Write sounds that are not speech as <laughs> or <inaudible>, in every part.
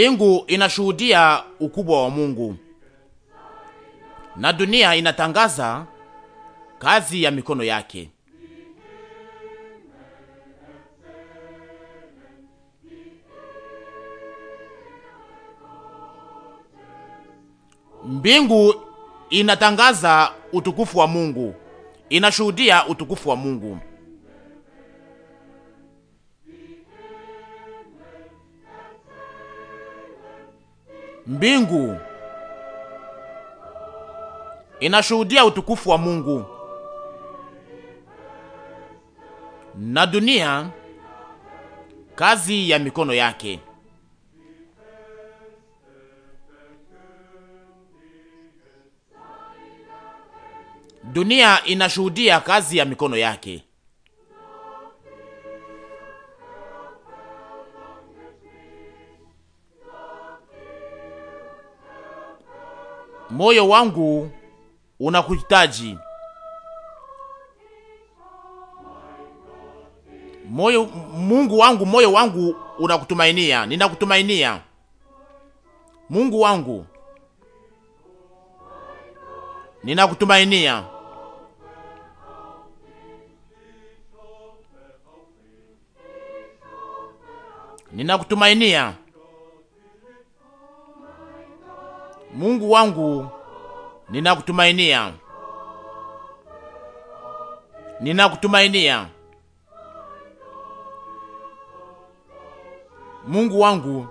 Mbingu inashuhudia ukubwa wa Mungu na dunia inatangaza kazi ya mikono yake. Mbingu inatangaza utukufu wa Mungu, inashuhudia utukufu wa Mungu. Mbingu inashuhudia utukufu wa Mungu na dunia kazi ya mikono yake. Dunia inashuhudia kazi ya mikono yake. moyo wangu unakuhitaji, moyo Mungu wangu, moyo wangu unakutumainia, ninakutumainia Mungu wangu, ninakutumainia. Ninakutumainia. Mungu wangu, ninakutumainia, ninakutumainia. Mungu wangu,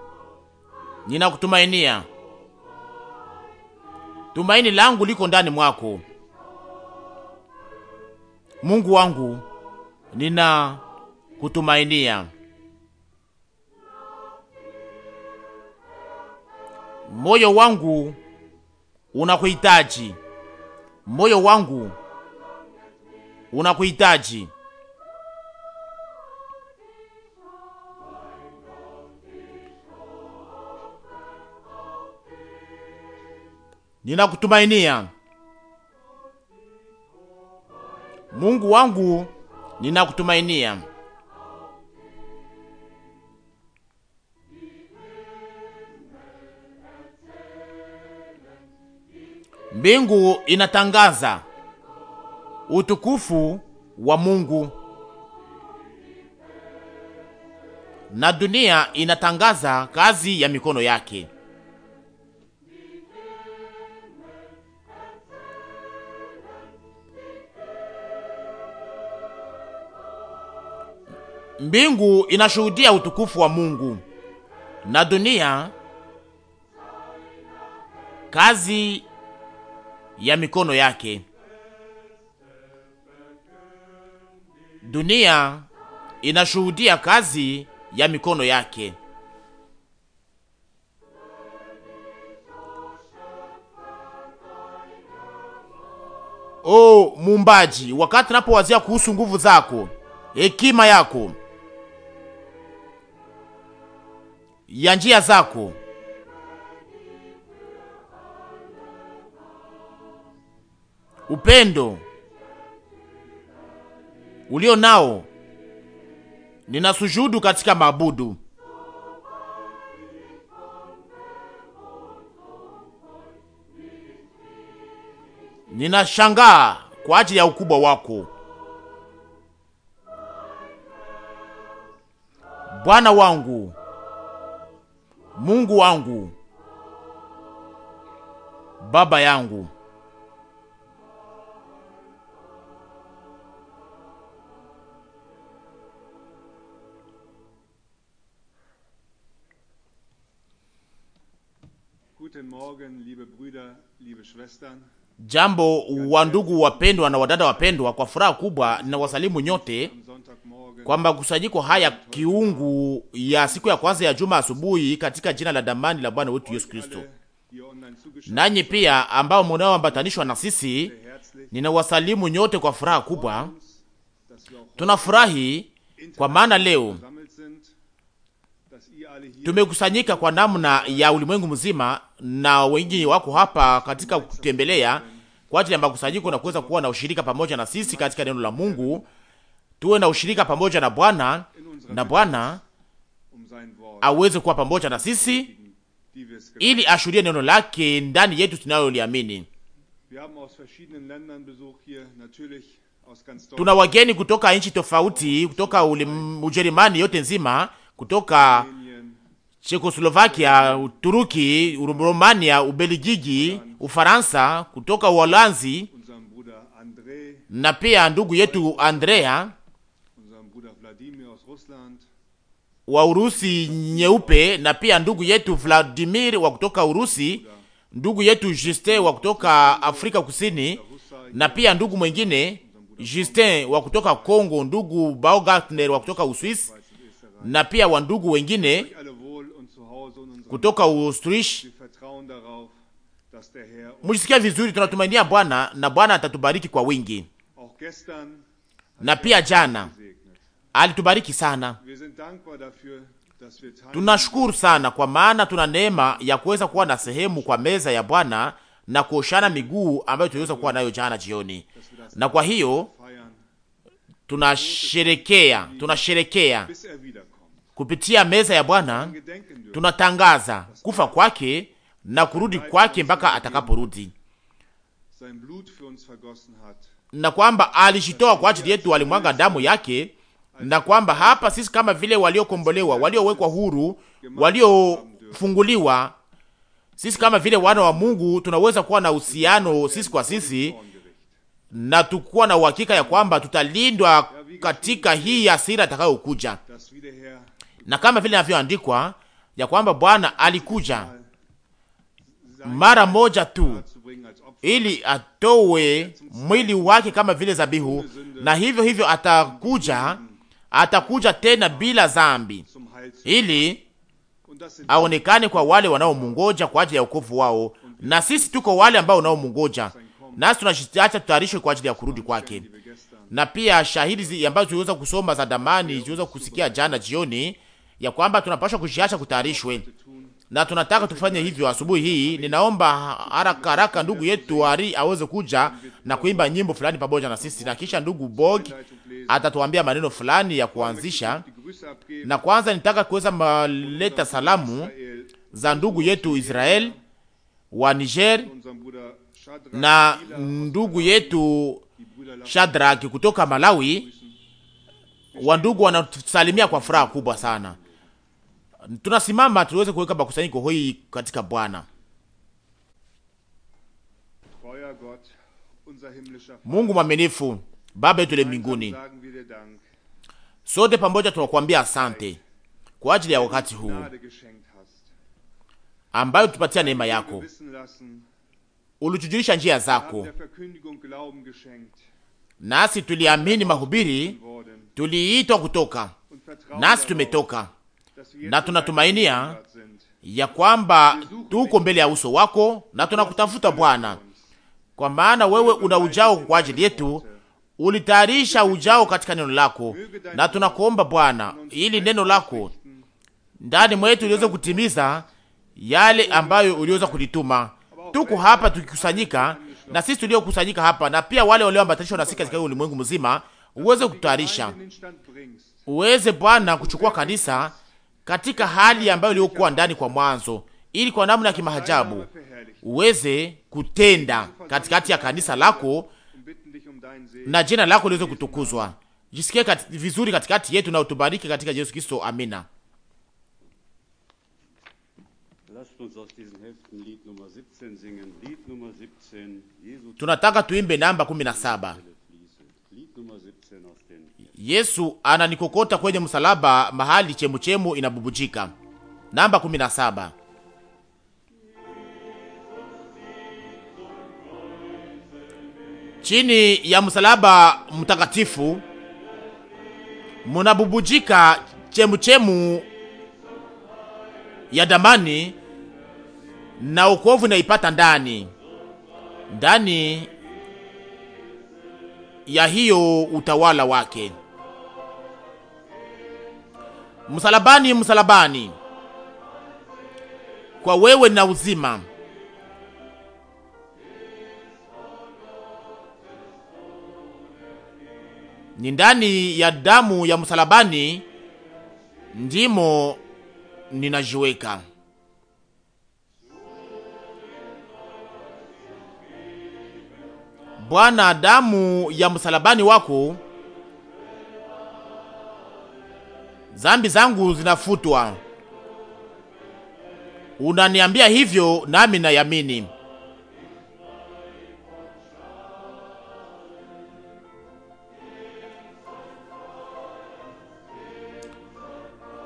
ninakutumainia. Tumaini langu liko ndani mwako. Mungu wangu, ninakutumainia. moyo wangu unakuhitaji, moyo wangu unakuhitaji. Ninakutumainia Mungu wangu, ninakutumainia. Mbingu inatangaza utukufu wa Mungu na dunia inatangaza kazi ya mikono yake. Mbingu inashuhudia utukufu wa Mungu na dunia kazi ya mikono yake. Dunia inashuhudia kazi ya mikono yake. O Mumbaji, wakati napowazia kuhusu nguvu zako, hekima yako ya njia zako upendo ulio nao, ninasujudu katika mabudu ninashangaa kwa ajili ya ukubwa wako Bwana wangu, Mungu wangu, Baba yangu. Jambo wa ndugu wapendwa na wadada wapendwa, kwa furaha kubwa ninawasalimu nyote kwa makusanyiko haya kiungu ya siku ya kwanza ya juma asubuhi, katika jina la damani la Bwana wetu Yesu Kristo. Nanyi pia ambao munaoambatanishwa na sisi, ninawasalimu nyote kwa furaha kubwa. Tunafurahi kwa maana leo Tumekusanyika kwa namna ya ulimwengu mzima, na wengi wako hapa katika kutembelea kwa ajili ya makusanyiko na kuweza kuwa na ushirika pamoja na sisi katika neno la Mungu. Tuwe na ushirika pamoja na Bwana na Bwana aweze kuwa pamoja na sisi ili ashuhudie neno lake ndani yetu tunayoliamini. Tuna wageni kutoka nchi tofauti, kutoka Ujerumani yote nzima, kutoka Chekoslovakia, Uturuki, Romania, Ubelgiji, Ufaransa, kutoka Uholanzi na pia ndugu yetu Andrea wa Urusi nyeupe na pia ndugu yetu Vladimir wa kutoka Urusi, ndugu yetu Justin wa kutoka Afrika Kusini na pia ndugu mwengine Justin wa kutoka Kongo, ndugu Baugartner wa kutoka Uswisi na pia wa ndugu wengine kutoka Austrish. Mujisikia vizuri, tunatumainia Bwana na Bwana atatubariki kwa wingi, na pia er jana alitubariki sana. Tunashukuru sana kwa maana tuna neema ya kuweza kuwa na sehemu kwa meza ya Bwana na kuoshana miguu ambayo tuliweza kuwa nayo jana jioni, na kwa hiyo tunasherekea tunasherekea er kupitia meza ya Bwana tunatangaza kufa kwake na kurudi kwake mpaka atakaporudi, na kwamba alishitoa kwa ajili yetu, alimwaga damu yake, na kwamba hapa sisi kama vile waliokombolewa, waliowekwa huru, waliofunguliwa, sisi kama vile wana wa Mungu tunaweza kuwa na uhusiano sisi kwa sisi na tukuwa na uhakika ya kwamba tutalindwa katika hii hasira itakayokuja na kama vile inavyoandikwa ya kwamba Bwana alikuja mara moja tu ili atowe mwili wake kama vile zabihu, na hivyo hivyo atakuja, atakuja tena bila zambi, ili aonekane kwa wale wanaomungoja kwa ajili ya wokovu wao, na sisi tuko wale ambao wanaomungoja, nasi tunashitaacha tutayarishwe kwa ajili ya kurudi kwake. Na pia shahidi ambazo tuliweza kusoma za damani, tuliweza kusikia jana jioni ya kwamba tunapaswa kujiacha kutayarishwe, na tunataka tufanye hivyo asubuhi hii. Ninaomba haraka haraka ndugu yetu Ari aweze kuja na kuimba nyimbo fulani pamoja na sisi, na kisha ndugu Bog atatuambia maneno fulani ya kuanzisha. Na kwanza nitaka kuweza maleta salamu za ndugu yetu Israel wa Niger na ndugu yetu Shadraki kutoka Malawi. Wandugu wanatusalimia kwa furaha kubwa sana tunasimama tuweze kuweka makusanyiko hii katika Bwana. Mungu mwaminifu, Baba yetu le mbinguni, sote pamoja tunakuambia asante kwa ajili ya wakati huu ambayo tupatia neema yako, ulitujulisha njia zako, nasi tuliamini mahubiri, tuliitwa kutoka, nasi tumetoka na tunatumainia ya kwamba tuko mbele ya uso wako na tunakutafuta Bwana, kwa maana wewe una ujao kwa ajili yetu, ulitayarisha ujao katika neno lako, na tunakuomba Bwana, ili neno lako ndani mwetu uliweze kutimiza yale ambayo uliweza kulituma. Tuko hapa tukikusanyika, na sisi tuliokusanyika hapa na pia wale walioambatanishwa na sisi katika ulimwengu mzima, uweze kutayarisha, uweze Bwana kuchukua kanisa katika hali ambayo iliyokuwa ndani kwa mwanzo, ili kwa namna ya kimahajabu uweze kutenda katikati ya kanisa lako na jina lako liweze kutukuzwa. Jisikie kat vizuri katikati yetu na utubariki katika Yesu Kristo, amina. Tunataka tuimbe namba 17. Yesu ananikokota kwenye msalaba, mahali chemuchemu inabubujika. Namba 17. Chini ya msalaba mtakatifu munabubujika chemuchemu ya damani, na ukovu inaipata ndani ndani ya hiyo utawala wake msalabani, msalabani, kwa wewe na uzima. Ni ndani ya damu ya msalabani ndimo ninajiweka. Bwana, damu ya msalabani wako zambi zangu zinafutwa. Unaniambia hivyo nami nayamini.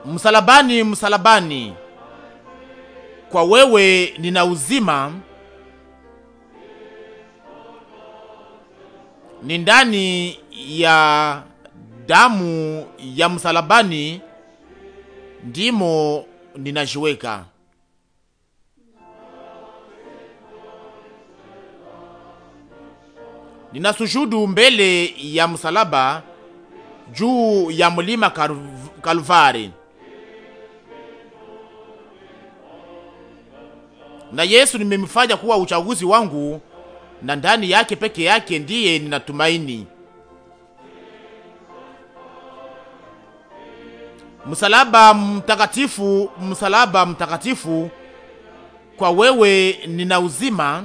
Msalabani, msalabani, kwa wewe nina uzima, ni ndani ya damu ya msalabani ndimo ninajiweka ninasujudu mbele ya msalaba juu ya mlima Kalvari, na Yesu nimemfanya kuwa uchaguzi wangu, na ndani yake peke yake ndiye ninatumaini. msalaba mtakatifu, msalaba mtakatifu, kwa wewe nina uzima,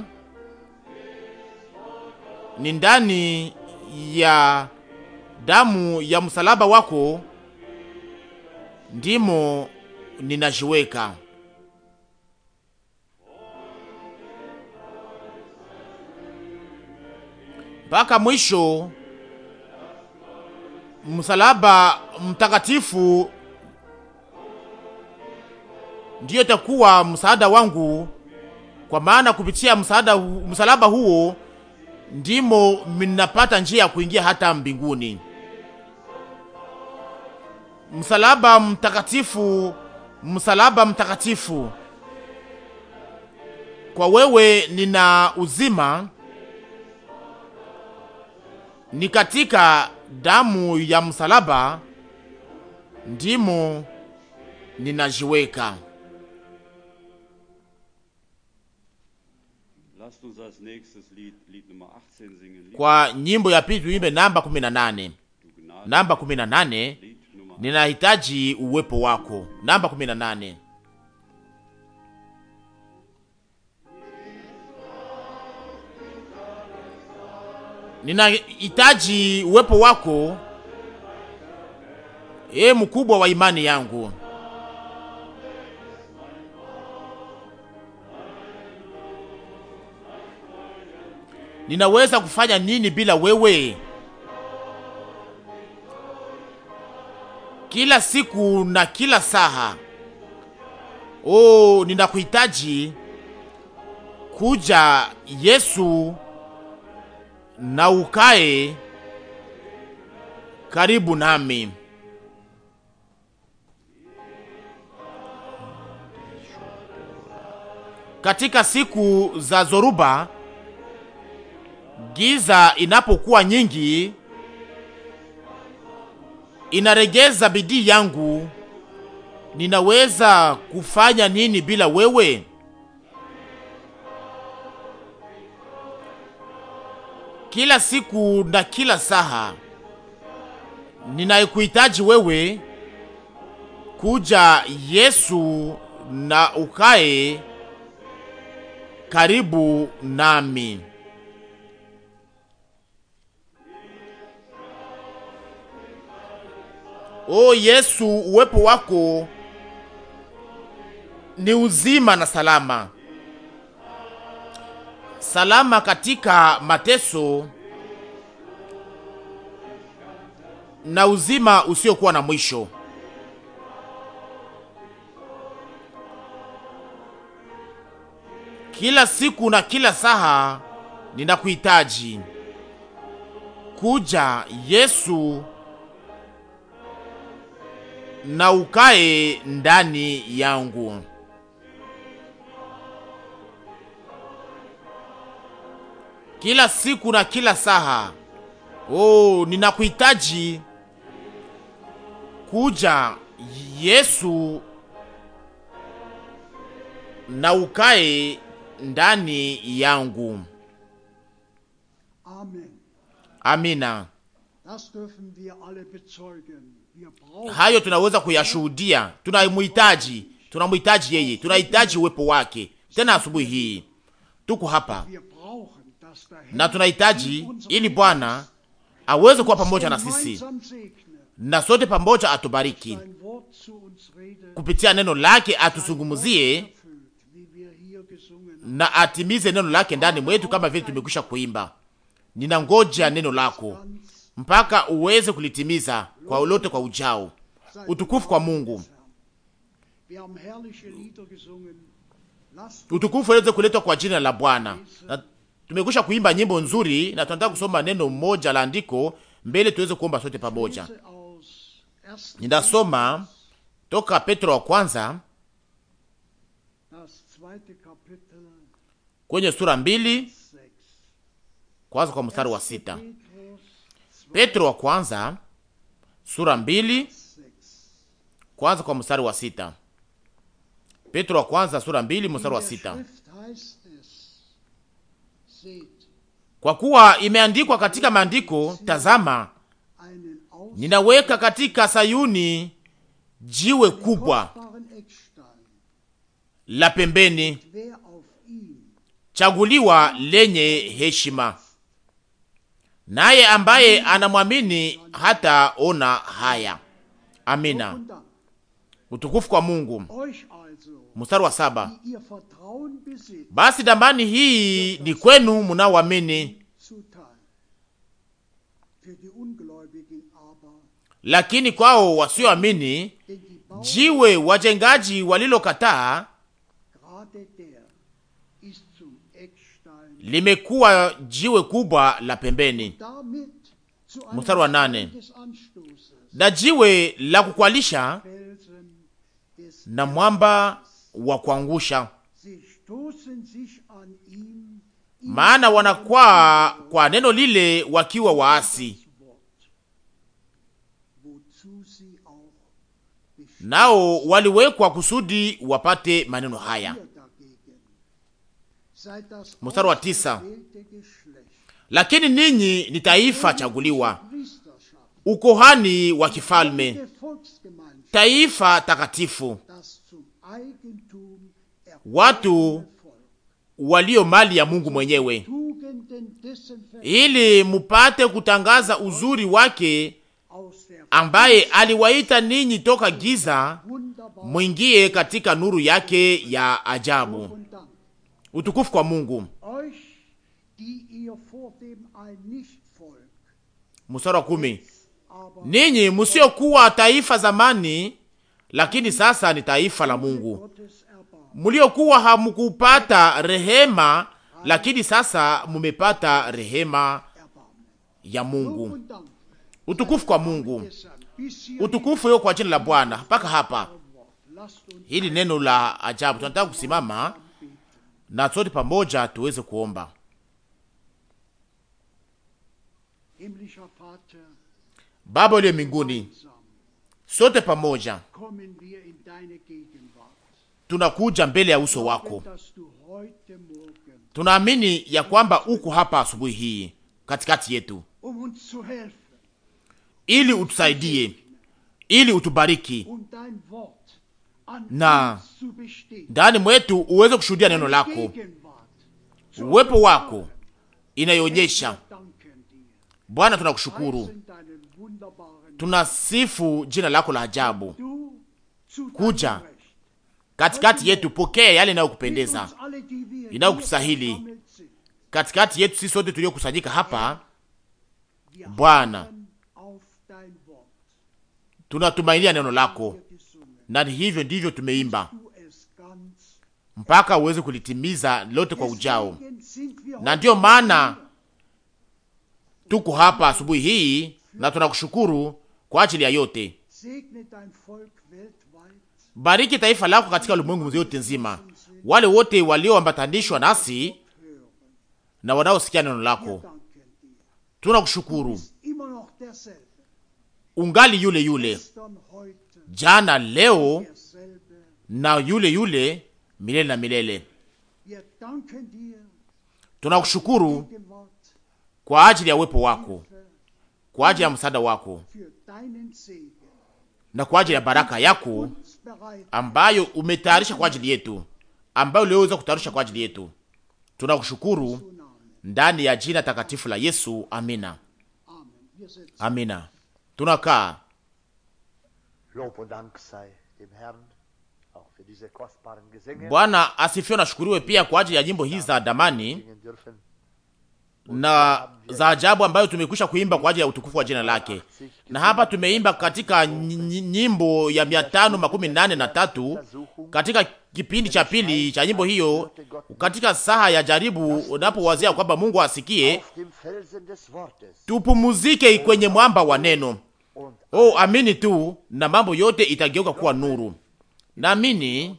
ni ndani ya damu ya msalaba wako ndimo ninajiweka. Mpaka mwisho, msalaba mtakatifu ndiyo itakuwa msaada wangu, kwa maana kupitia msaada msalaba huo ndimo mnapata njia ya kuingia hata mbinguni. Msalaba mtakatifu, msalaba mtakatifu, kwa wewe nina uzima. Ni katika damu ya msalaba ndimo ninajiweka. Kwa nyimbo ya pili tuimbe namba 18. Namba 18, ninahitaji uwepo wako. Namba 18. Ninahitaji uwepo wako, e mkubwa wa imani yangu. ninaweza kufanya nini bila wewe? Kila siku na kila saha, oh, ninakuhitaji kuja Yesu, na ukae karibu nami. Katika siku za zoruba giza inapokuwa nyingi inaregeza bidii yangu. Ninaweza kufanya nini bila wewe? Kila siku na kila saha ninayekuhitaji wewe, kuja Yesu na ukae karibu nami. O oh, Yesu, uwepo wako ni uzima na salama, salama katika mateso na uzima usiokuwa na mwisho. Kila siku na kila saha ninakuhitaji. Kuja Yesu na ukae ndani yangu. Kila siku na kila saha, oh, ninakuhitaji kuja Yesu, na ukae ndani yangu. Amen. Amina. Das dürfen wir alle bezeugen. Hayo tunaweza kuyashuhudia, tunamhitaji, tunamhitaji yeye, tunahitaji uwepo wake. Tena asubuhi hii tuko hapa na tunahitaji ili Bwana aweze kuwa pamoja na sisi na sote pamoja atubariki kupitia neno lake, atuzungumuzie na atimize neno lake ndani mwetu, kama vile tumekwisha kuimba, ninangoja neno lako mpaka uweze kulitimiza kwa ulote kwa ujao. Utukufu kwa Mungu, utukufu aweze kuletwa kwa jina la Bwana. Na tumekwisha kuimba nyimbo nzuri, na tunataka kusoma neno moja la andiko mbele tuweze kuomba sote pamoja. Ninasoma toka Petro wa kwanza kwenye sura mbili kwanza kwa mstari wa sita. Petro wa kwanza sura mbili kwanza kwa mstari wa sita. Petro wa kwanza sura mbili mstari wa sita. Kwa kuwa imeandikwa katika maandiko, tazama, ninaweka katika Sayuni jiwe kubwa la pembeni, chaguliwa lenye heshima naye ambaye anamwamini hata ona haya. Amina, utukufu kwa Mungu. Mstari wa saba. Basi dambani hii ni kwenu munaoamini, lakini kwao wasioamini, jiwe wajengaji walilokataa limekuwa jiwe kubwa la pembeni. Mstari wa nane, na jiwe la kukwalisha na mwamba wa kuangusha, maana wanakwaa kwa neno lile wakiwa waasi, nao waliwekwa kusudi wapate maneno haya mstari wa tisa, lakini ninyi ni taifa chaguliwa, ukohani wa kifalme, taifa takatifu, watu walio mali ya Mungu mwenyewe, ili mupate kutangaza uzuri wake ambaye aliwaita ninyi toka giza mwingie katika nuru yake ya ajabu. Utukufu kwa Mungu. Mstari wa kumi. Ninyi musiokuwa taifa zamani, lakini sasa ni taifa la Mungu, muliokuwa hamukupata rehema, lakini sasa mumepata rehema ya Mungu. Utukufu kwa Mungu, er. utukufu hiyo kwa jina la Bwana. Mpaka hapa hili neno la ajabu, tunataka kusimama na sote pamoja tuweze kuomba. Baba uliye mbinguni, sote pamoja tunakuja mbele ya uso wako. Tunaamini ya kwamba uko hapa asubuhi hii katikati yetu, um ili utusaidie, ili utubariki na ndani mwetu uweze kushuhudia neno lako, uwepo wako inayoonyesha. Bwana, tunakushukuru, tunasifu jina lako la ajabu. Kuja katikati yetu, pokea yale inayokupendeza inayokustahili katikati yetu, sisi sote tuliokusanyika hapa. Bwana, tunatumainia neno lako na hivyo ndivyo tumeimba mpaka uweze kulitimiza lote kwa ujao. Na ndiyo maana tuko hapa asubuhi hii na tunakushukuru kwa ajili ya yote. Bariki taifa lako katika ulimwengu yote nzima, wale wote walioambatanishwa nasi na wanaosikia neno lako, tunakushukuru. Ungali yule yule jana, leo na yule yule milele na milele. Tunakushukuru kwa ajili ya uwepo wako, kwa ajili ya msaada wako na kwa ajili ya baraka yako ambayo umetayarisha kwa ajili yetu, ambayo uliweza kutayarisha kwa ajili yetu. Tunakushukuru ndani ya jina takatifu la Yesu. Amina, amina. Tunakaa Lob und Dank sei dem Herrn. Bwana asifiwe na shukuriwe pia kwa ajili ya nyimbo hizi za damani na za ajabu ambayo tumekwisha kuimba kwa ajili ya utukufu wa jina lake. Na hapa tumeimba katika nyimbo ya mia tano makumi nane na tatu katika kipindi cha pili cha nyimbo hiyo, katika saha ya jaribu, unapowazia kwamba Mungu asikie, tupumuzike kwenye mwamba wa neno. Oh, amini tu na mambo yote itageuka kuwa nuru. Naamini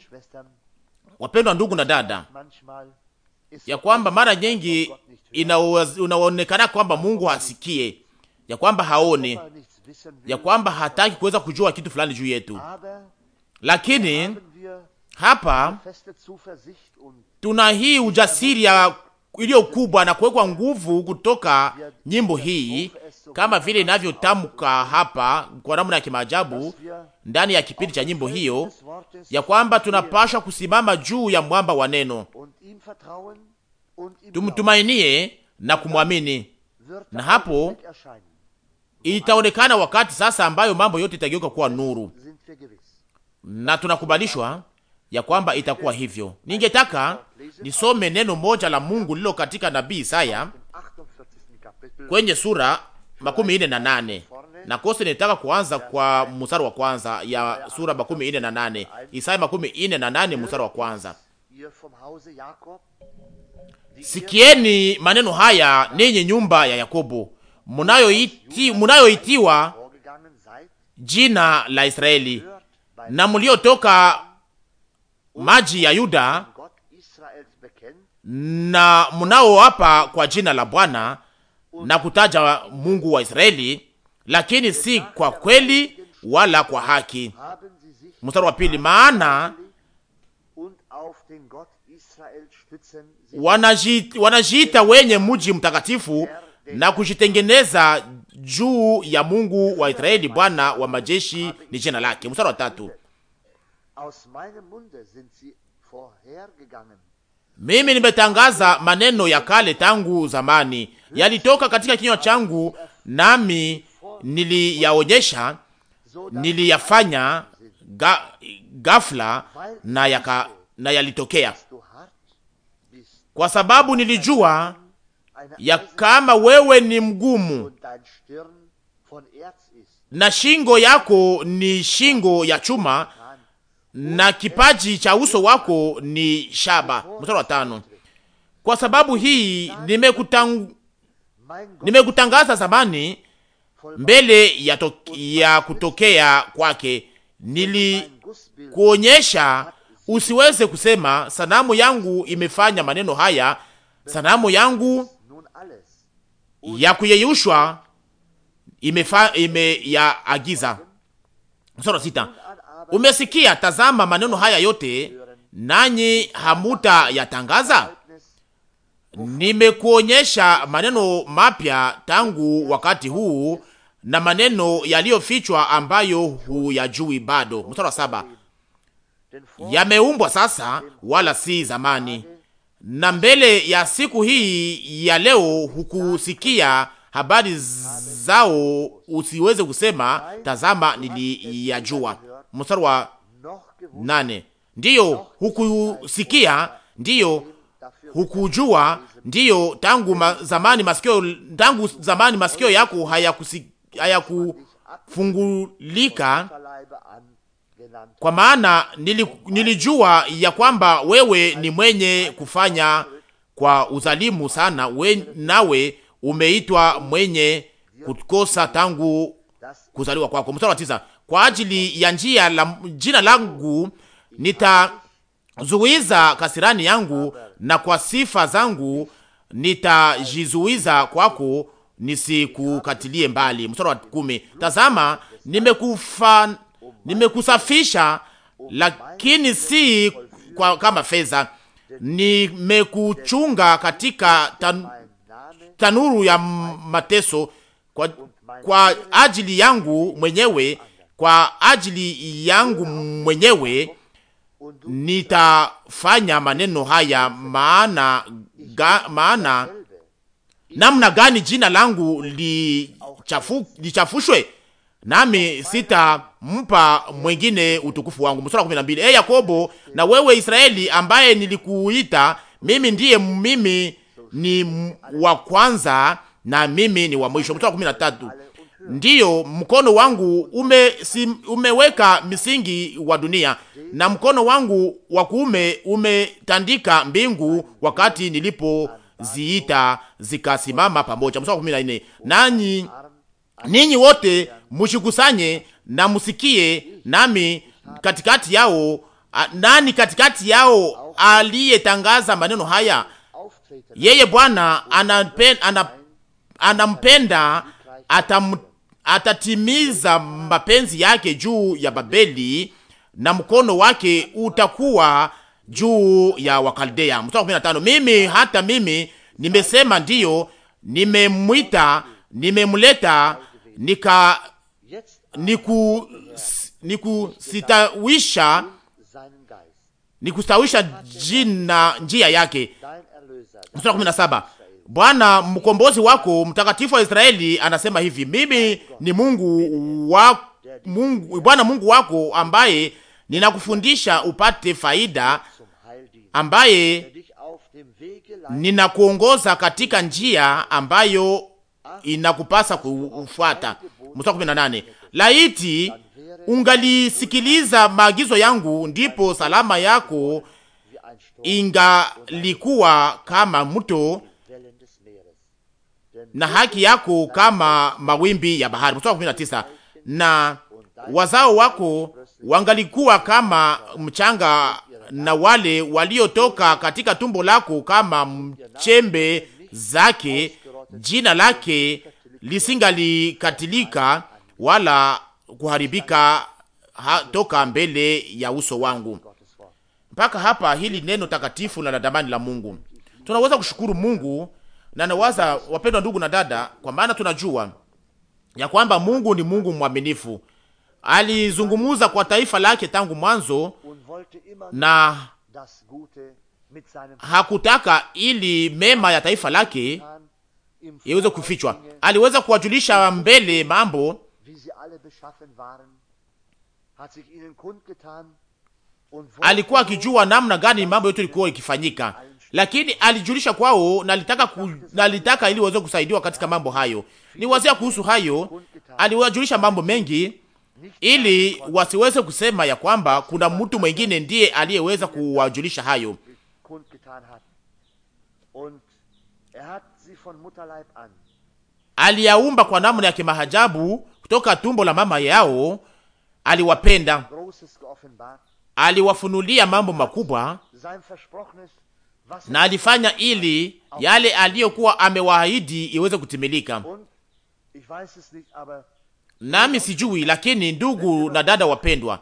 wapendwa ndugu na dada, ya kwamba mara nyingi inaonekana kwamba Mungu hasikie, ya kwamba haone, ya kwamba hataki kuweza kujua kitu fulani juu yetu, lakini hapa tuna hii ujasiri ya iliyo kubwa na kuwekwa nguvu kutoka nyimbo hii kama vile inavyotamka hapa kwa namna ya kimaajabu ndani ya kipindi cha nyimbo hiyo, ya kwamba tunapashwa kusimama juu ya mwamba wa neno, tumtumainie na kumwamini, na hapo itaonekana wakati sasa ambayo mambo yote itageuka kuwa nuru, na tunakubalishwa ya kwamba itakuwa hivyo. Ningetaka nisome neno moja la Mungu lilo katika nabii Isaya kwenye sura makumi ine na nane na kose nitaka kuanza kwa mstari wa kwanza ya sura makumi ine na nane Isaya makumi ine na nane mstari wa kwanza. Sikieni maneno haya ninyi nyumba ya Yakobo, munayoiti munayoitiwa jina la Israeli na mliotoka maji ya Yuda na munao hapa kwa jina la Bwana na kutaja Mungu wa Israeli, lakini si kwa kweli wala kwa haki. Mstari wa pili, maana wanajiita wenye mji mtakatifu na kujitengeneza juu ya Mungu wa Israeli. Bwana wa majeshi ni jina lake. Mstari wa tatu, mimi nimetangaza maneno ya kale tangu zamani yalitoka katika kinywa changu, nami niliyaonyesha, niliyafanya ga, ghafla na, yaka, na yalitokea kwa sababu nilijua ya kama wewe ni mgumu na shingo yako ni shingo ya chuma na kipaji cha uso wako ni shaba. Mstari wa tano. Kwa sababu hii nimekutang Nimekutangaza zamani mbele ya, to, ya kutokea kwake, nilikuonyesha usiweze kusema sanamu yangu imefanya maneno haya, sanamu yangu ya kuyeyushwa imefa, ime ya agiza. Sura sita. Umesikia, tazama maneno haya yote nanyi hamuta yatangaza nimekuonyesha maneno mapya tangu wakati huu na maneno yaliyofichwa ambayo huyajui bado. Mstari wa saba, yameumbwa sasa, wala si zamani, na mbele ya siku hii ya leo hukusikia habari zao, usiweze kusema tazama, niliyajua. Mstari wa nane, ndiyo hukusikia, ndiyo hukujua, ndiyo tangu ma, zamani masikio tangu zamani masikio yako hayakufungulika kwa maana nili, nilijua ya kwamba wewe ni mwenye kufanya kwa uzalimu sana we, nawe umeitwa mwenye kukosa tangu kuzaliwa kwako. Mstari wa tisa, kwa ajili ya njia la jina langu nitazuiza kasirani yangu na kwa sifa zangu nitajizuiza kwako nisikukatilie mbali. Mstari wa kumi, tazama nimekufa, nimekusafisha lakini si kwa kama fedha, nimekuchunga katika tan, tanuru ya mateso kwa, kwa ajili yangu mwenyewe, kwa ajili yangu mwenyewe nitafanya maneno haya maana, ga, maana namna gani jina langu lichafu, lichafushwe nami sitampa mwingine utukufu wangu. Mstari wa kumi na mbili. E Yakobo na wewe Israeli ambaye nilikuita mimi, ndiye mimi ni wa kwanza na mimi ni wa mwisho. Mstari wa kumi na tatu. Ndiyo, mkono wangu ume, si, umeweka misingi wa dunia na mkono wangu wa kuume umetandika mbingu wakati nilipo ziita zikasimama pamoja. Mstari wa kumi na nne, nanyi ninyi wote mushikusanye na musikie nami katikati yao a, nani katikati yao aliyetangaza maneno haya? Yeye Bwana anampenda, anampenda atam atatimiza mapenzi yake juu ya Babeli na mkono wake utakuwa juu ya Wakaldea. Mstari 15, Mimi hata mimi nimesema ndiyo, nimemwita, nimemleta, nika niku nikustawisha nikustawisha jina njia yake. Mstari 17 Bwana mkombozi wako mtakatifu wa Israeli anasema hivi, mimi ni Mungu wa Mungu, Bwana Mungu wako ambaye ninakufundisha upate faida, ambaye ninakuongoza katika njia ambayo inakupasa kufuata. Mstari 18, laiti ungalisikiliza maagizo yangu, ndipo salama yako ingalikuwa kama mto na haki yako kama mawimbi ya bahari. Mstari 19, na wazao wako wangalikuwa kama mchanga na wale waliotoka katika tumbo lako kama mchembe zake, jina lake lisingalikatilika wala kuharibika toka mbele ya uso wangu. Mpaka hapa hili neno takatifu na la damani la Mungu, tunaweza kushukuru Mungu na nawaza, wapendwa ndugu na dada, kwa maana tunajua ya kwamba Mungu ni Mungu mwaminifu. Alizungumuza kwa taifa lake tangu mwanzo na hakutaka ili mema ya taifa lake iweze kufichwa. Aliweza kuwajulisha mbele mambo alikuwa akijua namna gani mambo yote ilikuwa ikifanyika, lakini alijulisha kwao na alitaka ku, na alitaka ili waweze kusaidiwa katika mambo hayo. Ni wazia kuhusu hayo, aliwajulisha mambo mengi ili wasiweze kusema ya kwamba kuna mtu mwingine ndiye aliyeweza kuwajulisha hayo. Er Aliyaumba kwa namna ya kimahajabu kutoka tumbo la mama yao, aliwapenda, aliwafunulia mambo makubwa na alifanya ili yale aliyokuwa amewaahidi iweze kutimilika. Nami sijui, lakini ndugu na dada wapendwa,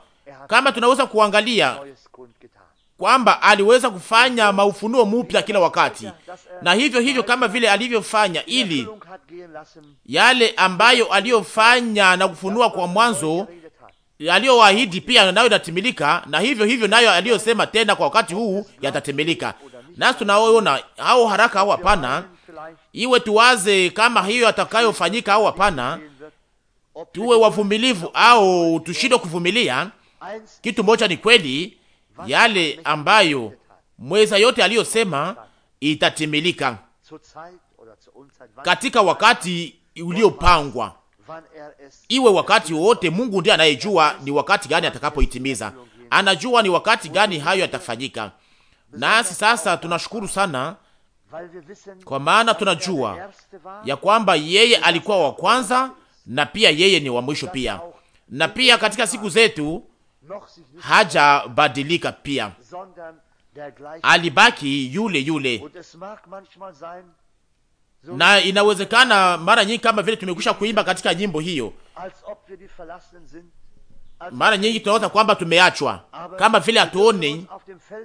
kama tunaweza kuangalia kwamba aliweza kufanya maufunuo mupya kila wakati, er na hivyo hivyo kama vile alivyofanya ili yale ambayo aliyofanya na kufunua kwa er mwanzo aliyowaahidi pia nayo inatimilika, na hivyo hivyo nayo aliyosema tena kwa wakati huu yatatimilika nasi tunaoona au haraka au hapana, iwe tuwaze kama hiyo atakayofanyika au hapana, tuwe wavumilivu au tushindwe kuvumilia. Kitu moja ni kweli, yale ambayo mweza yote aliyosema itatimilika katika wakati uliopangwa, iwe wakati wowote. Mungu ndiye anayejua ni wakati gani atakapoitimiza, anajua ni wakati gani hayo yatafanyika. Nasi sasa tunashukuru sana, kwa maana tunajua ya kwamba yeye alikuwa wa kwanza na pia yeye ni wa mwisho pia, na pia katika siku zetu hajabadilika pia, alibaki yule yule, na inawezekana mara nyingi kama vile tumekwisha kuimba katika nyimbo hiyo mara nyingi tunaona kwamba tumeachwa kama vile hatuoni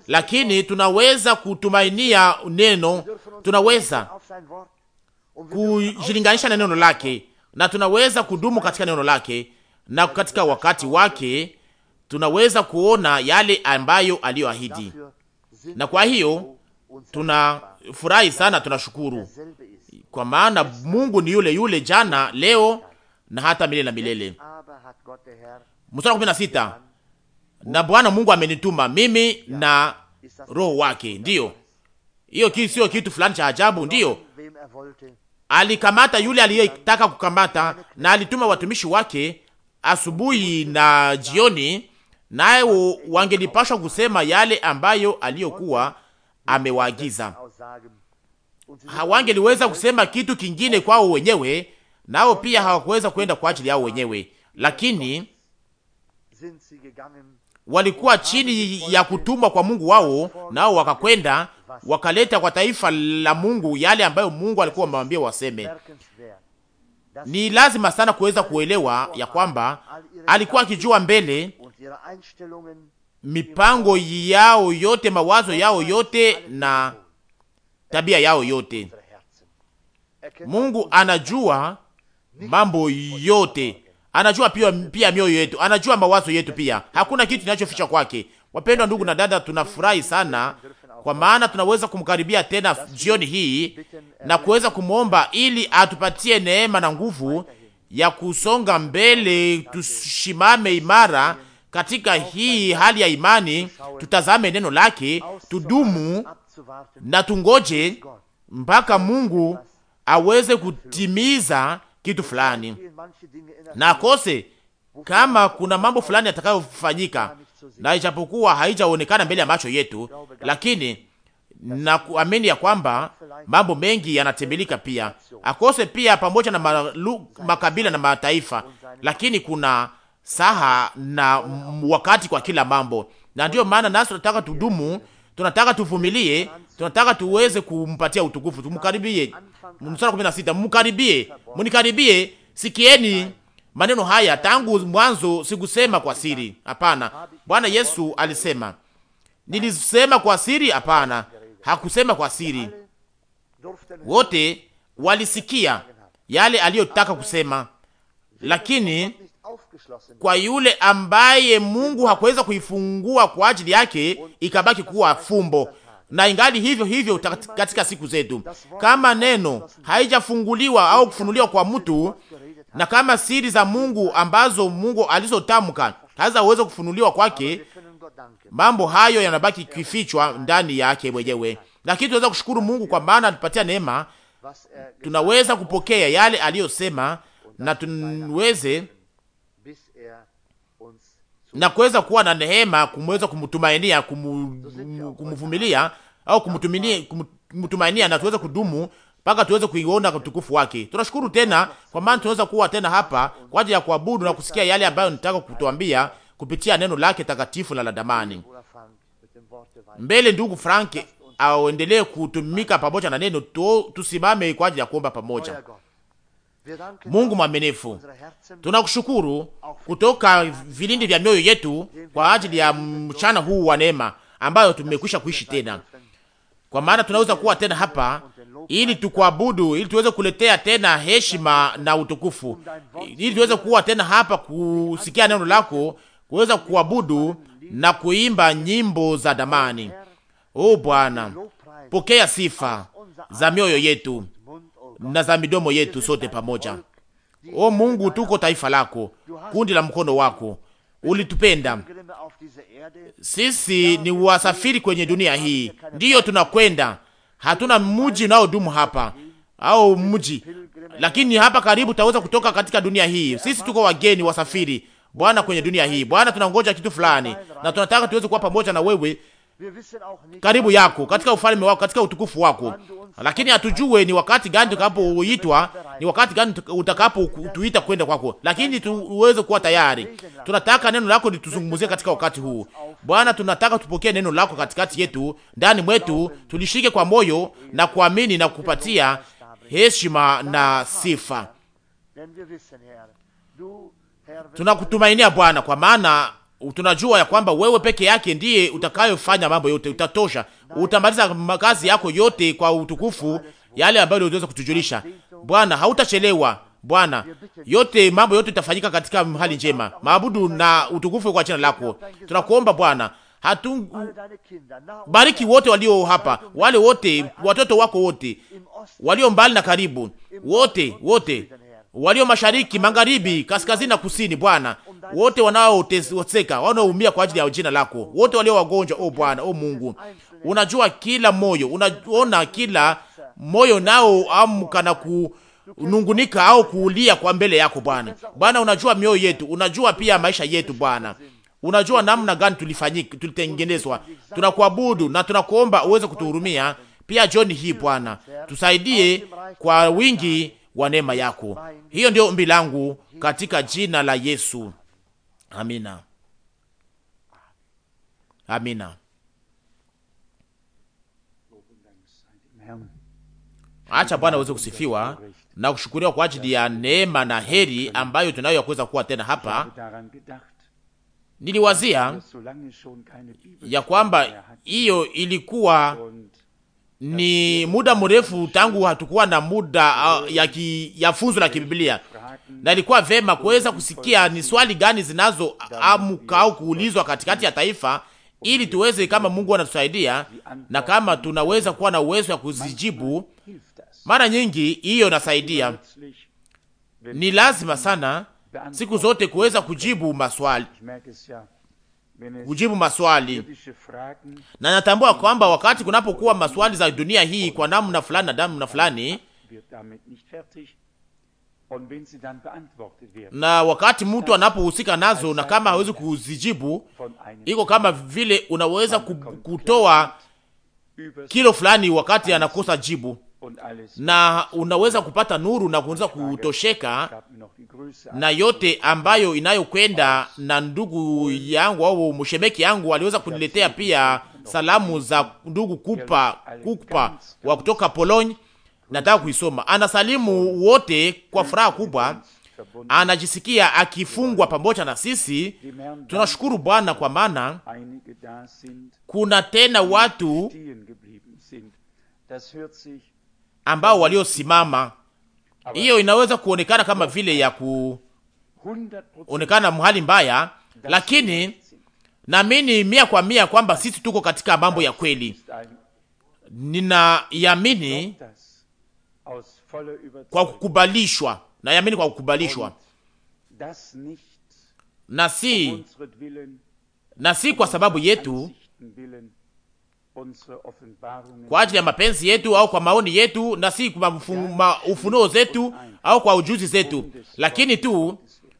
lakini tunaweza kutumainia neno, tunaweza kujilinganisha na neno lake, na tunaweza kudumu katika neno lake, na katika wakati wake tunaweza kuona yale ambayo aliyoahidi. Na kwa hiyo tunafurahi sana, tunashukuru kwa maana Mungu ni yule yule jana, leo na hata milele na milele mstari kumi na sita na Bwana Mungu amenituma mimi na roho wake. Ndiyo, hiyo ki sio kitu fulani cha ajabu. Ndiyo, alikamata yule aliyetaka kukamata, na alituma watumishi wake asubuhi na jioni, naye wangelipashwa kusema yale ambayo aliyokuwa amewaagiza. Hawangeliweza kusema kitu kingine kwao wenyewe, nao pia hawakuweza kwenda kwa ajili yao wenyewe, lakini walikuwa chini ya kutumwa kwa Mungu wao, nao wakakwenda wakaleta kwa taifa la Mungu yale ambayo Mungu alikuwa amewaambia waseme. Ni lazima sana kuweza kuelewa ya kwamba alikuwa akijua mbele mipango yao yote, mawazo yao yote na tabia yao yote. Mungu anajua mambo yote anajua pia, pia mioyo yetu, anajua mawazo yetu pia. Hakuna kitu kinachoficha kwake. Wapendwa ndugu na dada, tunafurahi sana kwa maana tunaweza kumkaribia tena jioni hii na kuweza kumwomba ili atupatie neema na nguvu ya kusonga mbele, tushimame imara katika hii hali ya imani, tutazame neno lake, tudumu na tungoje mpaka Mungu aweze kutimiza kitu fulani na akose kama kuna mambo fulani yatakayofanyika, na ijapokuwa haijaonekana mbele ya macho yetu, lakini na kuamini ya kwamba mambo mengi yanatembelika pia akose pia pamoja na malu, makabila na mataifa, lakini kuna saha na wakati kwa kila mambo, na ndiyo maana nasi tunataka tudumu tunataka tuvumilie, tunataka tuweze kumpatia utukufu. Tumkaribie. Mstari 16, mkaribie, mnikaribie, sikieni maneno haya. Tangu mwanzo sikusema kwa siri, hapana. Bwana Yesu alisema, nilisema kwa siri? Hapana, hakusema kwa siri. Wote walisikia yale aliyotaka kusema, lakini kwa yule ambaye Mungu hakuweza kuifungua kwa ajili yake, ikabaki kuwa fumbo na ingali hivyo hivyo katika siku zetu. Kama neno haijafunguliwa au kufunuliwa kwa mtu, na kama siri za Mungu ambazo Mungu alizotamka haza uweze kufunuliwa kwake, mambo hayo yanabaki er kifichwa ndani yake mwenyewe. Lakini tunaweza kushukuru Mungu kwa maana alipatia neema, er tunaweza kupokea yale aliyosema na tuweze na kuweza kuwa na neema kumweza kumtumainia kumvumilia au kumtumainia, na tuweze kudumu mpaka tuweze kuiona utukufu wake. Tunashukuru tena kwa maana tunaweza kuwa tena hapa kwa ajili ya kuabudu na kusikia yale ambayo nitaka kutuambia kupitia neno lake takatifu na la damani. Mbele ndugu Frank aendelee kutumika pamoja na neno tu, tusimame kwa ajili ya kuomba pamoja. Mungu mwaminifu, tunakushukuru kutoka vilindi vya mioyo yetu kwa ajili ya mchana huu wa neema ambayo tumekwisha kuishi tena, kwa maana tunaweza kuwa tena hapa ili tukuabudu, ili tuweze kuletea tena heshima na utukufu, ili tuweze kuwa tena hapa kusikia neno lako, kuweza kuabudu na kuimba nyimbo za damani. O Bwana, pokea sifa za mioyo yetu na za midomo yetu sote pamoja. O Mungu, tuko taifa lako, kundi la mkono wako, ulitupenda sisi, ni wasafiri kwenye dunia hii, ndiyo tunakwenda. Hatuna mji unaodumu hapa au mji, lakini hapa karibu taweza kutoka katika dunia hii. Sisi tuko wageni wasafiri Bwana kwenye dunia hii Bwana, tunangoja kitu fulani na tunataka tuweze kuwa pamoja na wewe karibu yako, katika ufalme wako, katika utukufu wako, lakini hatujue ni wakati gani tukapoitwa, ni wakati gani tuita kwenda kwako, lakini tuweze kuwa tayari. Tunataka neno lako lituzungumzie katika wakati huu Bwana, tunataka tupokee neno lako katikati yetu, ndani mwetu, tulishike kwa moyo na kuamini na kupatia heshima na sifa. Tunakutumainia Bwana, kwa maana tunajua ya kwamba wewe peke yake ndiye utakayofanya mambo yote, utatosha, utamaliza makazi yako yote kwa utukufu, yale ambayo uliweza kutujulisha Bwana. Hautachelewa Bwana, yote mambo yote itafanyika katika hali njema. Maabudu na utukufu kwa jina lako tunakuomba Bwana. Hatu bariki wote walio hapa, wale wote watoto wako wote walio mbali na karibu, wote wote walio mashariki, magharibi, kaskazini na kusini, Bwana, wote wanaoteseka, wanaoumia kwa ajili ya jina lako, wote walio wagonjwa, o Bwana, o Mungu, unajua kila moyo, unaona kila moyo nao amka na kunungunika au kuulia kwa mbele yako Bwana. Bwana, unajua mioyo yetu, unajua pia maisha yetu Bwana, unajua namna gani tulifanyika, tulitengenezwa. Tunakuabudu na tunakuomba uweze kutuhurumia pia John hii Bwana, tusaidie kwa wingi wa neema yako. Hiyo ndio ombi langu katika jina la Yesu, amina, amina. Acha Bwana aweze kusifiwa na kushukuriwa kwa ajili ya neema na heri ambayo tunayo ya kuweza kuwa tena hapa. Niliwazia ya kwamba hiyo ilikuwa ni muda mrefu tangu hatukuwa na muda uh, ya, ki, ya funzo la kibiblia, na ilikuwa vema kuweza kusikia ni swali gani zinazoamuka au kuulizwa katikati ya taifa, ili tuweze kama Mungu anatusaidia na kama tunaweza kuwa na uwezo wa kuzijibu. Mara nyingi hiyo inasaidia, ni lazima sana siku zote kuweza kujibu maswali kujibu maswali, na natambua kwamba wakati kunapokuwa maswali za dunia hii kwa namna fulani na namna fulani na wakati mtu anapohusika nazo na kama hawezi kuzijibu, iko kama vile unaweza kutoa kilo fulani wakati anakosa jibu na unaweza kupata nuru na kuweza kutosheka na yote ambayo inayokwenda. Na ndugu yangu au mshemeki yangu aliweza kuniletea pia salamu za ndugu Kupa Kupa wa kutoka Pologne. Nataka kuisoma. Anasalimu wote kwa furaha kubwa, anajisikia akifungwa pamoja na sisi. Tunashukuru Bwana kwa maana kuna tena watu ambao waliosimama. Hiyo inaweza kuonekana kama vile ya kuonekana mhali mbaya, lakini naamini mia kwa mia kwamba sisi tuko katika mambo ya kweli. Ninaamini kwa kukubalishwa, naamini kwa kukubalishwa na si, na si kwa sababu yetu kwa ajili ya mapenzi yetu au kwa maoni yetu, na si kwa ufunuo zetu au kwa ujuzi zetu, lakini tu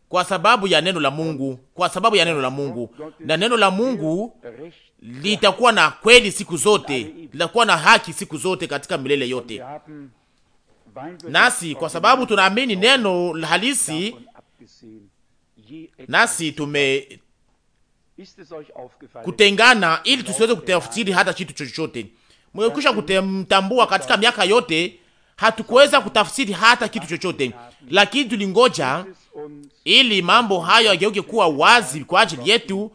kwa sababu ya neno la Mungu, kwa sababu ya neno la Mungu. Na neno la Mungu litakuwa na kweli siku zote, litakuwa na haki siku zote, katika milele yote. Nasi kwa sababu tunaamini neno halisi, nasi tume kutengana, ili tusiweze kutafsiri hata kitu chochote. Mmekwisha kutambua katika miaka yote hatukuweza kutafsiri hata kitu chochote, lakini tulingoja ili mambo hayo yageuke kuwa wazi kwa ajili yetu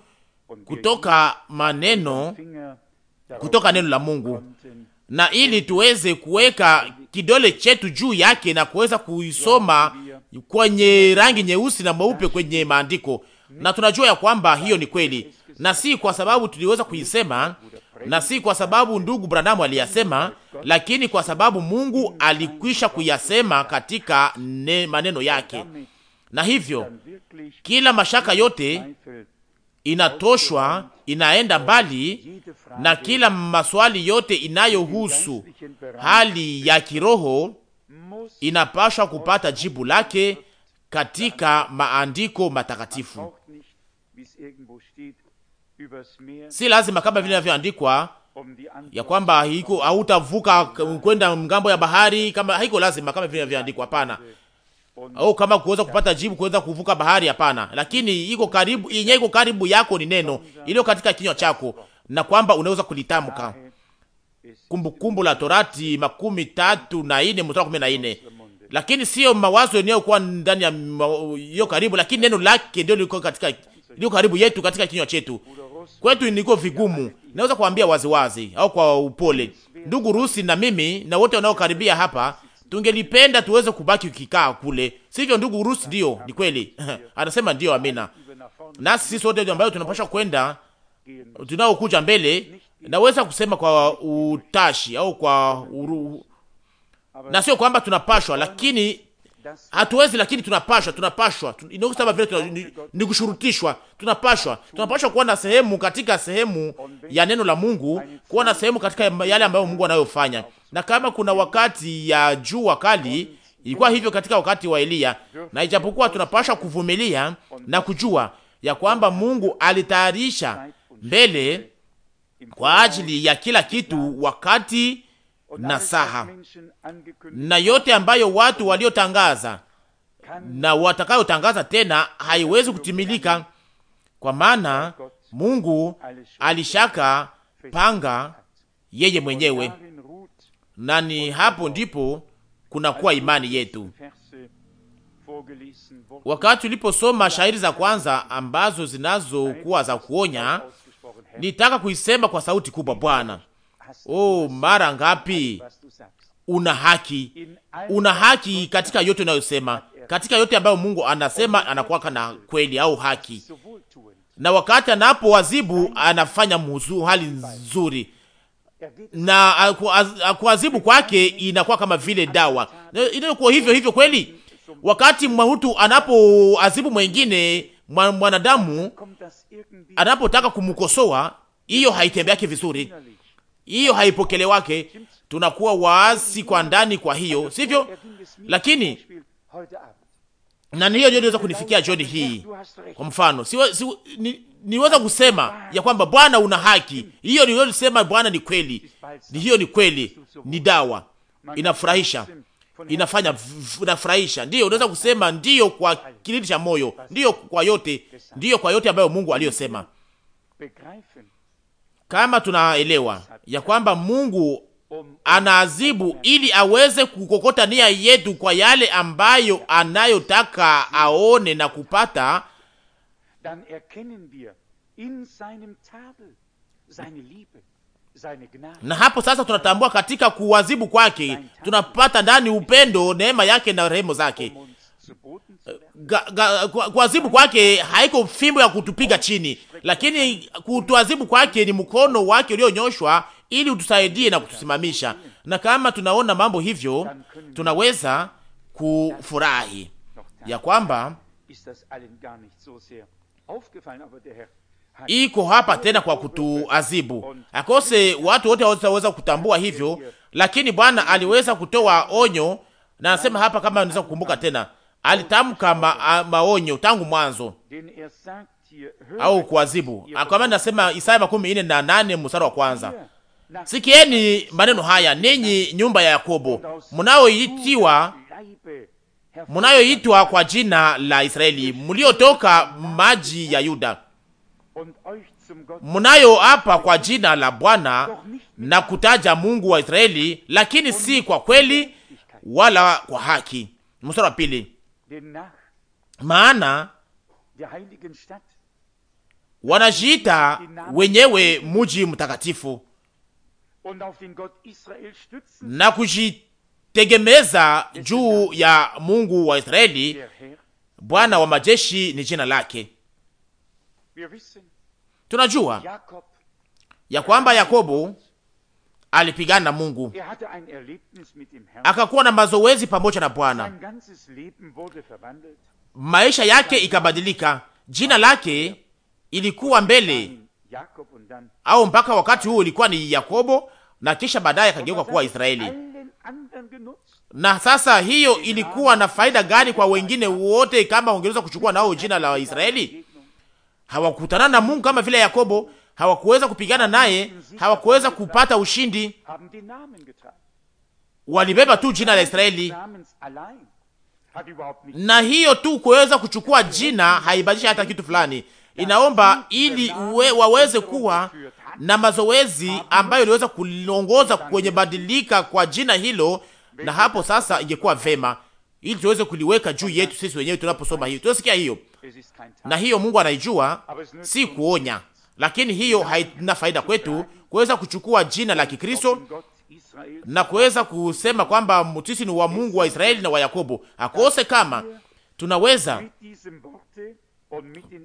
kutoka maneno, kutoka neno la Mungu, na ili tuweze kuweka kidole chetu juu yake na kuweza kuisoma kwenye rangi nyeusi na mweupe kwenye maandiko na tunajua ya kwamba hiyo ni kweli, na si kwa sababu tuliweza kuisema na si kwa sababu ndugu Branamu aliyasema, lakini kwa sababu Mungu alikwisha kuyasema katika ne maneno yake, na hivyo kila mashaka yote inatoshwa, inaenda mbali, na kila maswali yote inayohusu hali ya kiroho inapashwa kupata jibu lake katika maandiko matakatifu si lazima kama vile inavyoandikwa um ya kwamba hautavuka kwenda ngambo ya bahari, kama haiko lazima kama vile inavyoandikwa. Hapana, au kama kuweza kupata jibu kuweza kuvuka bahari, hapana. Lakini iko karibu, yenye iko karibu yako ni neno iliyo katika kinywa chako, na kwamba unaweza kulitamka. Kumbukumbu la Torati makumi tatu na ine mstari kumi na ine lakini sio mawazo yenyewe kuwa ndani ya hiyo karibu, lakini neno lake ndio liko katika iliyo karibu yetu katika kinywa chetu. Kwetu niko vigumu, naweza kuambia waziwazi au kwa upole, ndugu Rusi na mimi na wote wanaokaribia hapa, tungelipenda tuweze kubaki kikaa kule, sivyo ndugu Rusi? Ndio, ni kweli <laughs> anasema ndio, amina. Nasi sisi wote ambayo tunapasha kwenda, tunaokuja mbele, naweza kusema kwa utashi au kwa uru, na sio kwamba tunapashwa, lakini hatuwezi, lakini tunapashwa, tunapashwa kama vile ni kushurutishwa, tunapashwa, tunapashwa kuwa na sehemu katika sehemu ya neno la Mungu, kuwa na sehemu katika yale ambayo Mungu anayofanya. Na kama kuna wakati ya jua kali, ilikuwa hivyo katika wakati wa Eliya, na ijapokuwa tunapashwa kuvumilia na kujua ya kwamba Mungu alitayarisha mbele kwa ajili ya kila kitu wakati saha na yote ambayo watu waliotangaza na watakayotangaza tena haiwezi kutimilika, kwa maana Mungu alishaka panga yeye mwenyewe, na ni hapo ndipo kunakuwa imani yetu. Wakati uliposoma shairi za kwanza ambazo zinazokuwa za kuonya, nitaka kuisema kwa sauti kubwa, Bwana Oh, mara ngapi una haki, una haki katika yote unayosema, katika yote ambayo Mungu anasema anakuwaka na kweli au haki, na wakati anapo wazibu anafanya muzu hali nzuri na kuazibu kwake inakuwa kama vile dawa. inayokuwa hivyo hivyo kweli, wakati mwahutu anapoazibu mwengine mwanadamu anapotaka kumkosoa, hiyo haitembeake vizuri hiyo haipokele wake, tunakuwa waasi kwa ndani, kwa hiyo sivyo? Lakini na hiyo ndio niweza kunifikia jioni hii. Kwa mfano siwe, siwe, ni, niweza kusema ya kwamba Bwana una haki. Hiyo niliyosema Bwana ni kweli, ni hiyo ni kweli, ni dawa inafurahisha, inafanya inafurahisha. Ndiyo unaweza kusema ndiyo kwa kilindi cha moyo, ndiyo kwa yote, ndiyo kwa yote ambayo Mungu aliyosema, kama tunaelewa ya kwamba Mungu anaazibu ili aweze kukokota nia yetu kwa yale ambayo anayotaka aone na kupata, na hapo sasa tunatambua katika kuwazibu kwake tunapata ndani upendo, neema yake na rehema zake. Um Kuazibu kwake haiko fimbo ya kutupiga um chini, lakini kutuazibu kwake ni mkono wake ulionyoshwa ili utusaidie na kutusimamisha, na kama tunaona mambo hivyo, tunaweza kufurahi ya kwamba iko hapa tena kwa kutuazibu akose. Watu wote hawataweza kutambua hivyo, lakini Bwana aliweza kutoa onyo, na nasema hapa, kama naweza kukumbuka tena, alitamka ma, maonyo tangu mwanzo au kuazibu, kama nasema Isaya makumi ine na nane mstari wa kwanza Sikieni maneno haya, ninyi nyumba ya Yakobo, mnayoitiwa munayoitwa kwa jina la Israeli, mliotoka maji ya Yuda, munayoapa kwa jina la Bwana na kutaja Mungu wa Israeli, lakini si kwa kweli wala kwa haki. Mstari wa pili, maana wanajiita wenyewe muji mtakatifu na kujitegemeza juu ya Mungu wa Israeli. Bwana wa majeshi ni jina lake. Tunajua ya kwamba Yakobo alipigana na Mungu, er akakuwa na mazoezi pamoja na Bwana, maisha yake ikabadilika, jina lake ilikuwa mbele au mpaka wakati huo ilikuwa ni Yakobo na kisha baadaye akageuka kuwa Israeli. Na sasa hiyo ilikuwa na faida gani kwa wengine wote kama wangeweza kuchukua nao jina la Waisraeli? Hawakutana na Mungu kama vile Yakobo, hawakuweza kupigana naye, hawakuweza kupata ushindi, walibeba tu jina la Israeli na hiyo tu kuweza kuchukua jina haibadilishi hata kitu fulani. Inaomba ili uwe, waweze kuwa na mazoezi ambayo iliweza kulongoza kwenye badilika kwa jina hilo, na hapo sasa ingekuwa vema ili tuweze kuliweka juu yetu sisi wenyewe tunaposoma hiyo, tunasikia hiyo na hiyo, Mungu anaijua, si kuonya, lakini hiyo haina faida kwetu kuweza kuchukua jina la Kikristo na kuweza kusema kwamba sisi ni wa Mungu wa Israeli na wa Yakobo. Akose kama tunaweza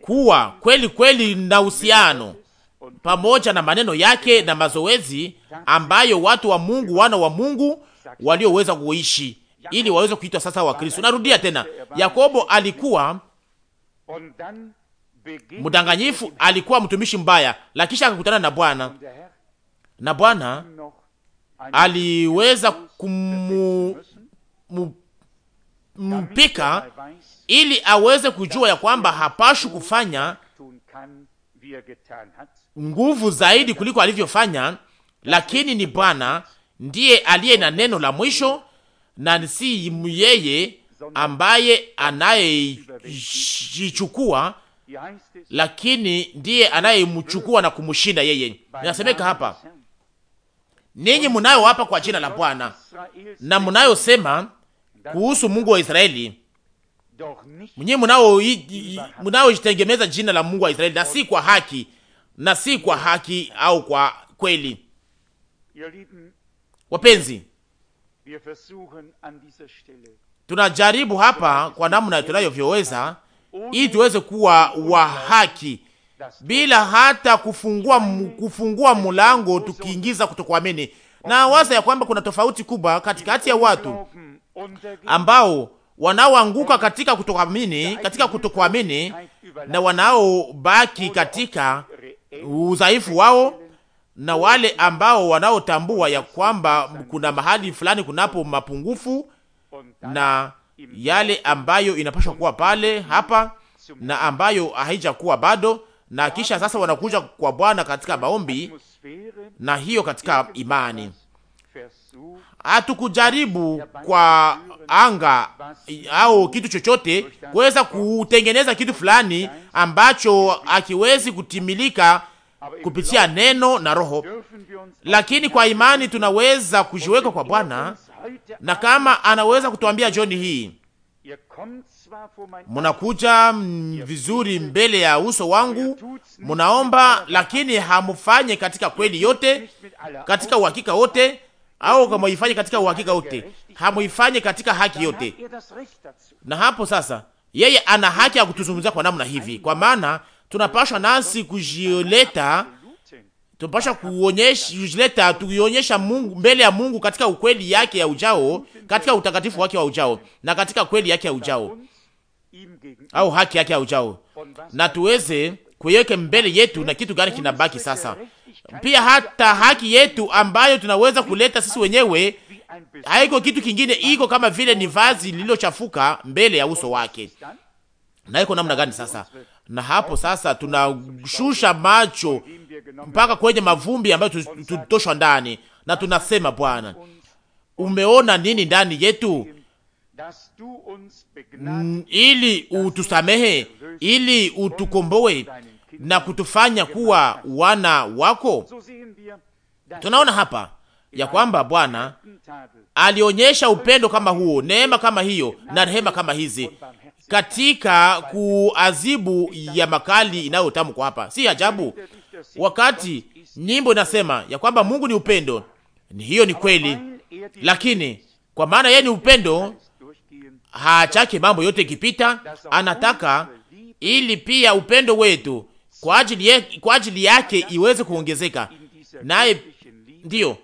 kuwa kweli kweli na uhusiano pamoja na maneno yake na mazoezi ambayo watu wa Mungu, wana wa Mungu walioweza kuishi ili waweze kuitwa sasa wa Kristo. Narudia tena, Yakobo alikuwa mdanganyifu, alikuwa mtumishi mbaya, lakisha akakutana na Bwana na Bwana aliweza kumpika ili aweze kujua ya kwamba hapashu kufanya nguvu zaidi kuliko alivyofanya, lakini ni Bwana ndiye aliye na neno la mwisho na si yeye ambaye anayeichukua, lakini ndiye anayemchukua na kumshinda yeye. Inasemeka hapa, ninyi munayo hapa kwa jina la Bwana na munayosema kuhusu Mungu wa Israeli, mwenyewe munaojitengemeza jina la Mungu wa Israeli na si kwa haki na si kwa haki au kwa kweli. Wapenzi, tunajaribu hapa kwa namna tunayovyoweza ili tuweze kuwa wa haki bila hata kufungua kufungua mlango tukiingiza kutokuamini. Na waza ya kwamba kuna tofauti kubwa katikati ya watu ambao wanaoanguka katika kutokuamini, katika kutokuamini na wanaobaki katika udhaifu wao na wale ambao wanaotambua ya kwamba kuna mahali fulani kunapo mapungufu na yale ambayo inapashwa kuwa pale hapa na ambayo haijakuwa bado, na kisha sasa wanakuja kwa Bwana katika maombi na hiyo katika imani. Hatukujaribu kwa anga au kitu chochote kuweza kutengeneza kitu fulani ambacho akiwezi kutimilika kupitia neno na roho, lakini kwa imani tunaweza kujiweka kwa Bwana, na kama anaweza kutuambia John, hii munakuja vizuri mbele ya uso wangu, munaomba lakini hamufanye katika kweli yote, katika uhakika wote au kamuifanye katika uhakika wote, hamuifanye katika haki yote. Na hapo sasa, yeye ana haki ya kutuzungumzia kwa namna hivi, kwa maana tunapashwa nasi kujioleta tunapashwa kuonyesha kujileta, tuionyesha Mungu mbele ya Mungu katika ukweli yake ya ujao, katika utakatifu wake wa ujao, na katika kweli yake ya ujao au haki yake ya ujao, na tuweze kuiweke mbele yetu. Na kitu gani kinabaki sasa? pia hata haki yetu ambayo tunaweza kuleta sisi wenyewe haiko kitu kingine, iko kama vile ni vazi lililochafuka mbele ya uso wake. Na iko namna gani sasa? Na hapo sasa tunashusha macho mpaka kwenye mavumbi ambayo tutoshwa ndani, na tunasema Bwana, umeona nini ndani yetu ili utusamehe, ili utukomboe, na kutufanya kuwa wana wako. Tunaona hapa ya kwamba Bwana alionyesha upendo kama huo, neema kama hiyo na rehema kama hizi katika kuazibu ya makali inayotamkwa hapa. Si ajabu wakati nyimbo inasema ya kwamba Mungu ni upendo. Ni hiyo ni kweli, lakini kwa maana yeye ni upendo, haachake mambo yote ikipita, anataka ili pia upendo wetu kwa ajili, ye, kwa ajili yake iweze kuongezeka, naye ndiyo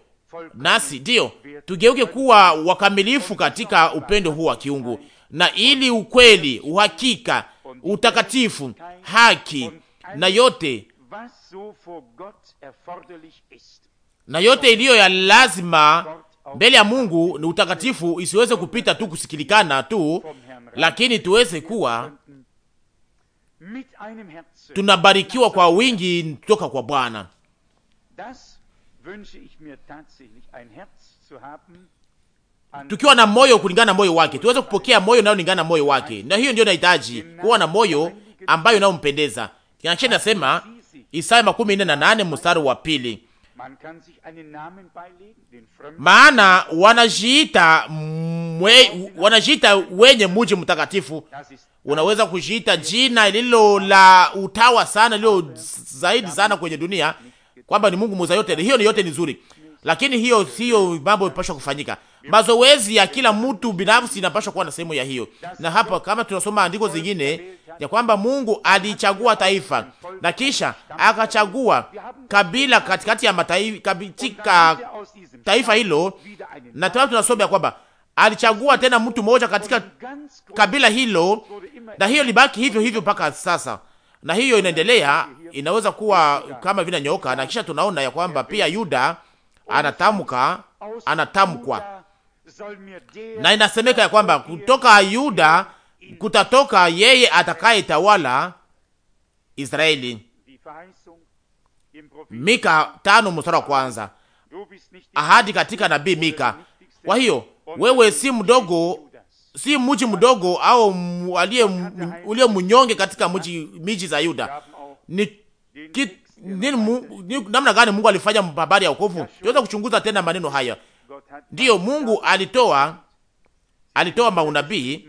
nasi ndiyo tugeuke kuwa wakamilifu katika upendo huu wa kiungu, na ili ukweli, uhakika, utakatifu, haki na yote na yote iliyo ya lazima mbele ya Mungu ni utakatifu, isiweze kupita tu kusikilikana tu, lakini tuweze kuwa tunabarikiwa kwa wingi kutoka kwa Bwana. Tukiwa na moyo kulingana na moyo wake, tuweze kupokea moyo unaolingana na moyo wake, na hiyo ndio nahitaji kuwa na moyo ambayo inayompendeza. Kinachoenda sema Isaya makumi nne na nane mstari wa pili maana wanajiita mwe, wanajiita wenye muji mtakatifu. Unaweza kujiita jina lililo la utawa sana, lilo zaidi sana kwenye dunia, kwamba ni Mungu muza yote. Hiyo ni yote ni nzuri, lakini hiyo siyo mambo ipashwa kufanyika. Mazoezi ya kila mtu binafsi inapaswa kuwa na sehemu ya hiyo. Na hapa kama tunasoma andiko zingine ya kwamba Mungu alichagua taifa na kisha akachagua kabila katikati ya mataifa, katika taifa hilo, na tena tunasoma ya kwamba alichagua tena mtu mmoja katika kabila hilo, na hiyo libaki hivyo hivyo mpaka sasa, na hiyo inaendelea, inaweza kuwa kama vile nyoka. Na kisha tunaona ya kwamba pia Yuda anatamka, anatamkwa na inasemeka ya kwamba kutoka Yuda kutatoka yeye atakayetawala Israeli. Mika tano mstari wa kwanza, ahadi katika nabii Mika. Kwa hiyo wewe si mdogo, si mji mdogo au uliye mnyonge katika mji miji za Yuda. Ni ki, ni, mu, ni, namna gani Mungu alifanya habari ya wokovu? Tuweza kuchunguza tena maneno haya ndiyo Mungu alitoa, alitoa maunabii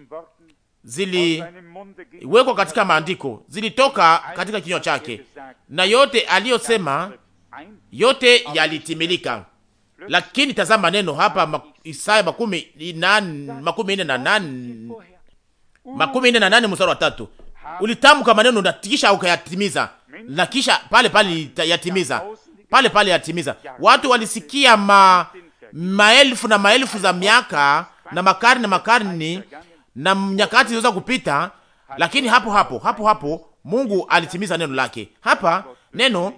ziliwekwa katika maandiko, zilitoka katika kinywa chake, na yote aliyosema yote yalitimilika. Lakini tazama neno hapa Isaya makumi nne na nane makumi nne na nane mstari wa tatu ulitamka maneno na kisha ukayatimiza, na kisha pale pale yatimiza, pale pale yatimiza. Watu walisikia ma maelfu na maelfu za miaka na makarni na makarni na nyakati ziliweza kupita, lakini hapo hapo hapo hapo Mungu alitimiza neno lake. Hapa neno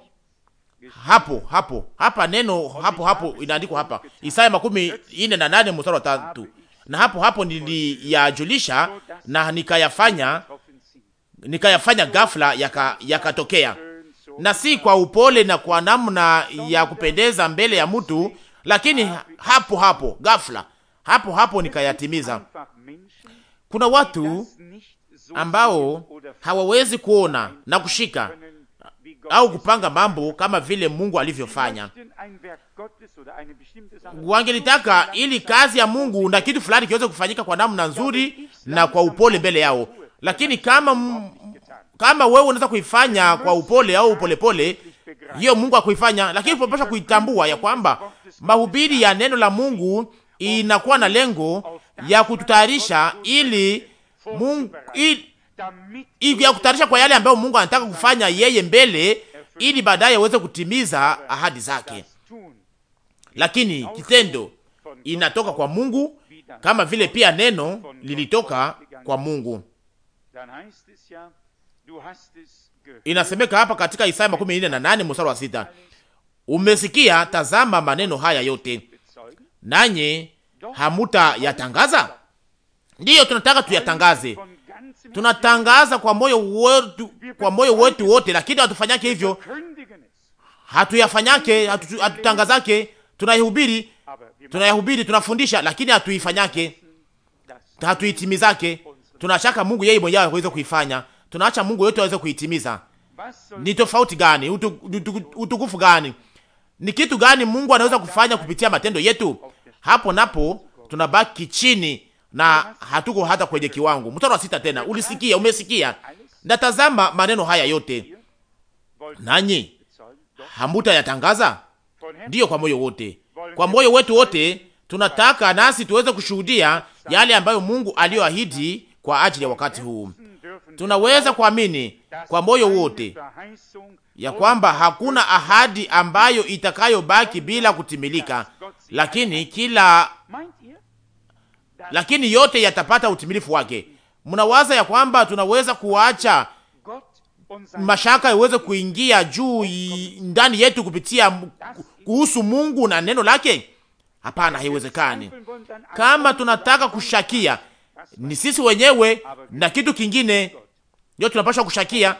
hapo hapo hapa neno hapo hapo inaandikwa hapa Isaya makumi ine na nane mstari wa tatu na hapo hapo niliyajulisha na nikayafanya nikayafanya ghafla yakatokea yaka na si kwa upole na kwa namna ya kupendeza mbele ya mtu lakini hapo hapo ghafla, hapo hapo nikayatimiza. Kuna watu ambao hawawezi kuona na kushika au kupanga mambo kama vile Mungu alivyofanya. Wangelitaka ili kazi ya Mungu na kitu fulani kiweze kufanyika kwa namna nzuri na kwa upole mbele yao, lakini kama kama wewe unaweza kuifanya kwa upole au polepole hiyo Mungu akuifanya, lakini unapaswa kuitambua ya kwamba mahubiri ya neno la Mungu inakuwa na lengo ya kututayarisha ili Mungu ili, ya kutayarisha kwa yale ambayo Mungu anataka kufanya yeye mbele, ili baadaye aweze kutimiza ahadi zake. Lakini kitendo inatoka kwa Mungu kama vile pia neno lilitoka kwa Mungu. Inasemeka hapa katika Isaya makumi nne na nane mstari wa sita umesikia, tazama maneno haya yote, nanyi hamuta yatangaza? Ndiyo, tunataka tuyatangaze, tunatangaza kwa moyo wetu, kwa moyo wetu wote, lakini hatufanyake hivyo, hatuyafanyake, hatu, hatutangazake, tunayahubiri, tunayahubiri, tunafundisha, lakini hatuifanyake, hatuitimizake. Tunashaka Mungu yeye mwenyewe aweze kuifanya, tunaacha Mungu yote aweze kuitimiza. Ni tofauti gani? Utukufu gani? Ni kitu gani Mungu anaweza kufanya kupitia matendo yetu? Hapo napo tunabaki chini na hatuko hata kwenye kiwango. Mstari wa sita tena, ulisikia, umesikia, natazama maneno haya yote, nanyi hamuta yatangaza? Ndiyo, kwa moyo wote, kwa moyo wetu wote tunataka nasi tuweze kushuhudia yale ambayo Mungu aliyoahidi kwa ajili ya wakati huu. Tunaweza kuamini kwa moyo wote ya kwamba hakuna ahadi ambayo itakayobaki bila kutimilika, lakini kila lakini yote yatapata utimilifu wake. Mnawaza ya kwamba tunaweza kuacha mashaka yaweze kuingia juu ndani yetu kupitia kuhusu Mungu na neno lake? Hapana, haiwezekani. Kama tunataka kushakia, ni sisi wenyewe na kitu kingine ndio tunapaswa kushakia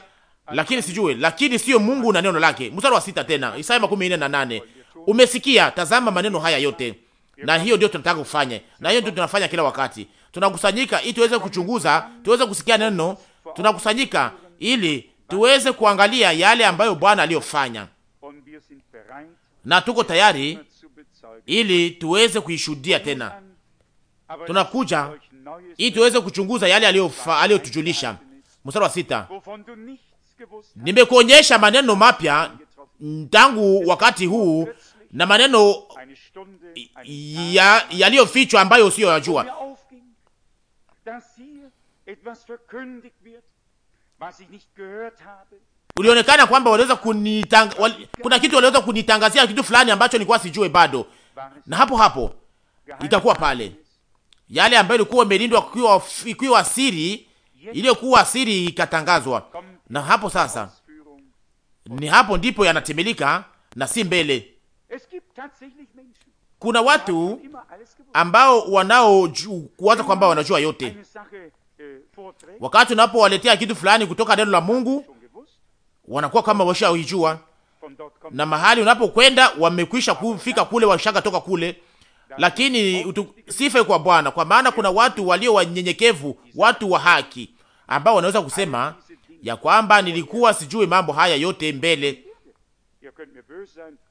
lakini sijue, lakini sio Mungu na neno lake. Mstari wa sita tena, Isaya makumi nne na nane umesikia, tazama maneno haya yote. Na hiyo ndio tunataka kufanya, na hiyo ndio tunafanya kila wakati. Tunakusanyika ili tuweze kuchunguza, tuweze kusikia neno. Tunakusanyika ili tuweze kuangalia yale ambayo Bwana aliyofanya, na tuko tayari ili tuweze kuishuhudia tena. Tunakuja ili tuweze kuchunguza yale aliyotujulisha. Mstari wa sita Nimekuonyesha maneno mapya tangu wakati huu na maneno yaliyofichwa ya ambayo yajua Ulionekana kwamba waliweza kunitang... kuna kitu waliweza kunitangazia kitu fulani ambacho nilikuwa sijue bado, na hapo hapo itakuwa pale yale ambayo ilikuwa imelindwa ikiwa siri, iliyokuwa siri ikatangazwa na hapo sasa ni hapo ndipo yanatimilika na si mbele. Kuna watu ambao wanaowaza kwamba wanajua yote. Äh, Wakati unapowaletea kitu fulani kutoka neno la Mungu, wanakuwa kama washaijua, na mahali unapokwenda wamekwisha kufika kule, washaka toka kule. Lakini sifa kwa Bwana, kwa maana kuna watu walio wanyenyekevu, watu wa haki ambao wanaweza kusema ya kwamba nilikuwa sijui mambo haya yote mbele,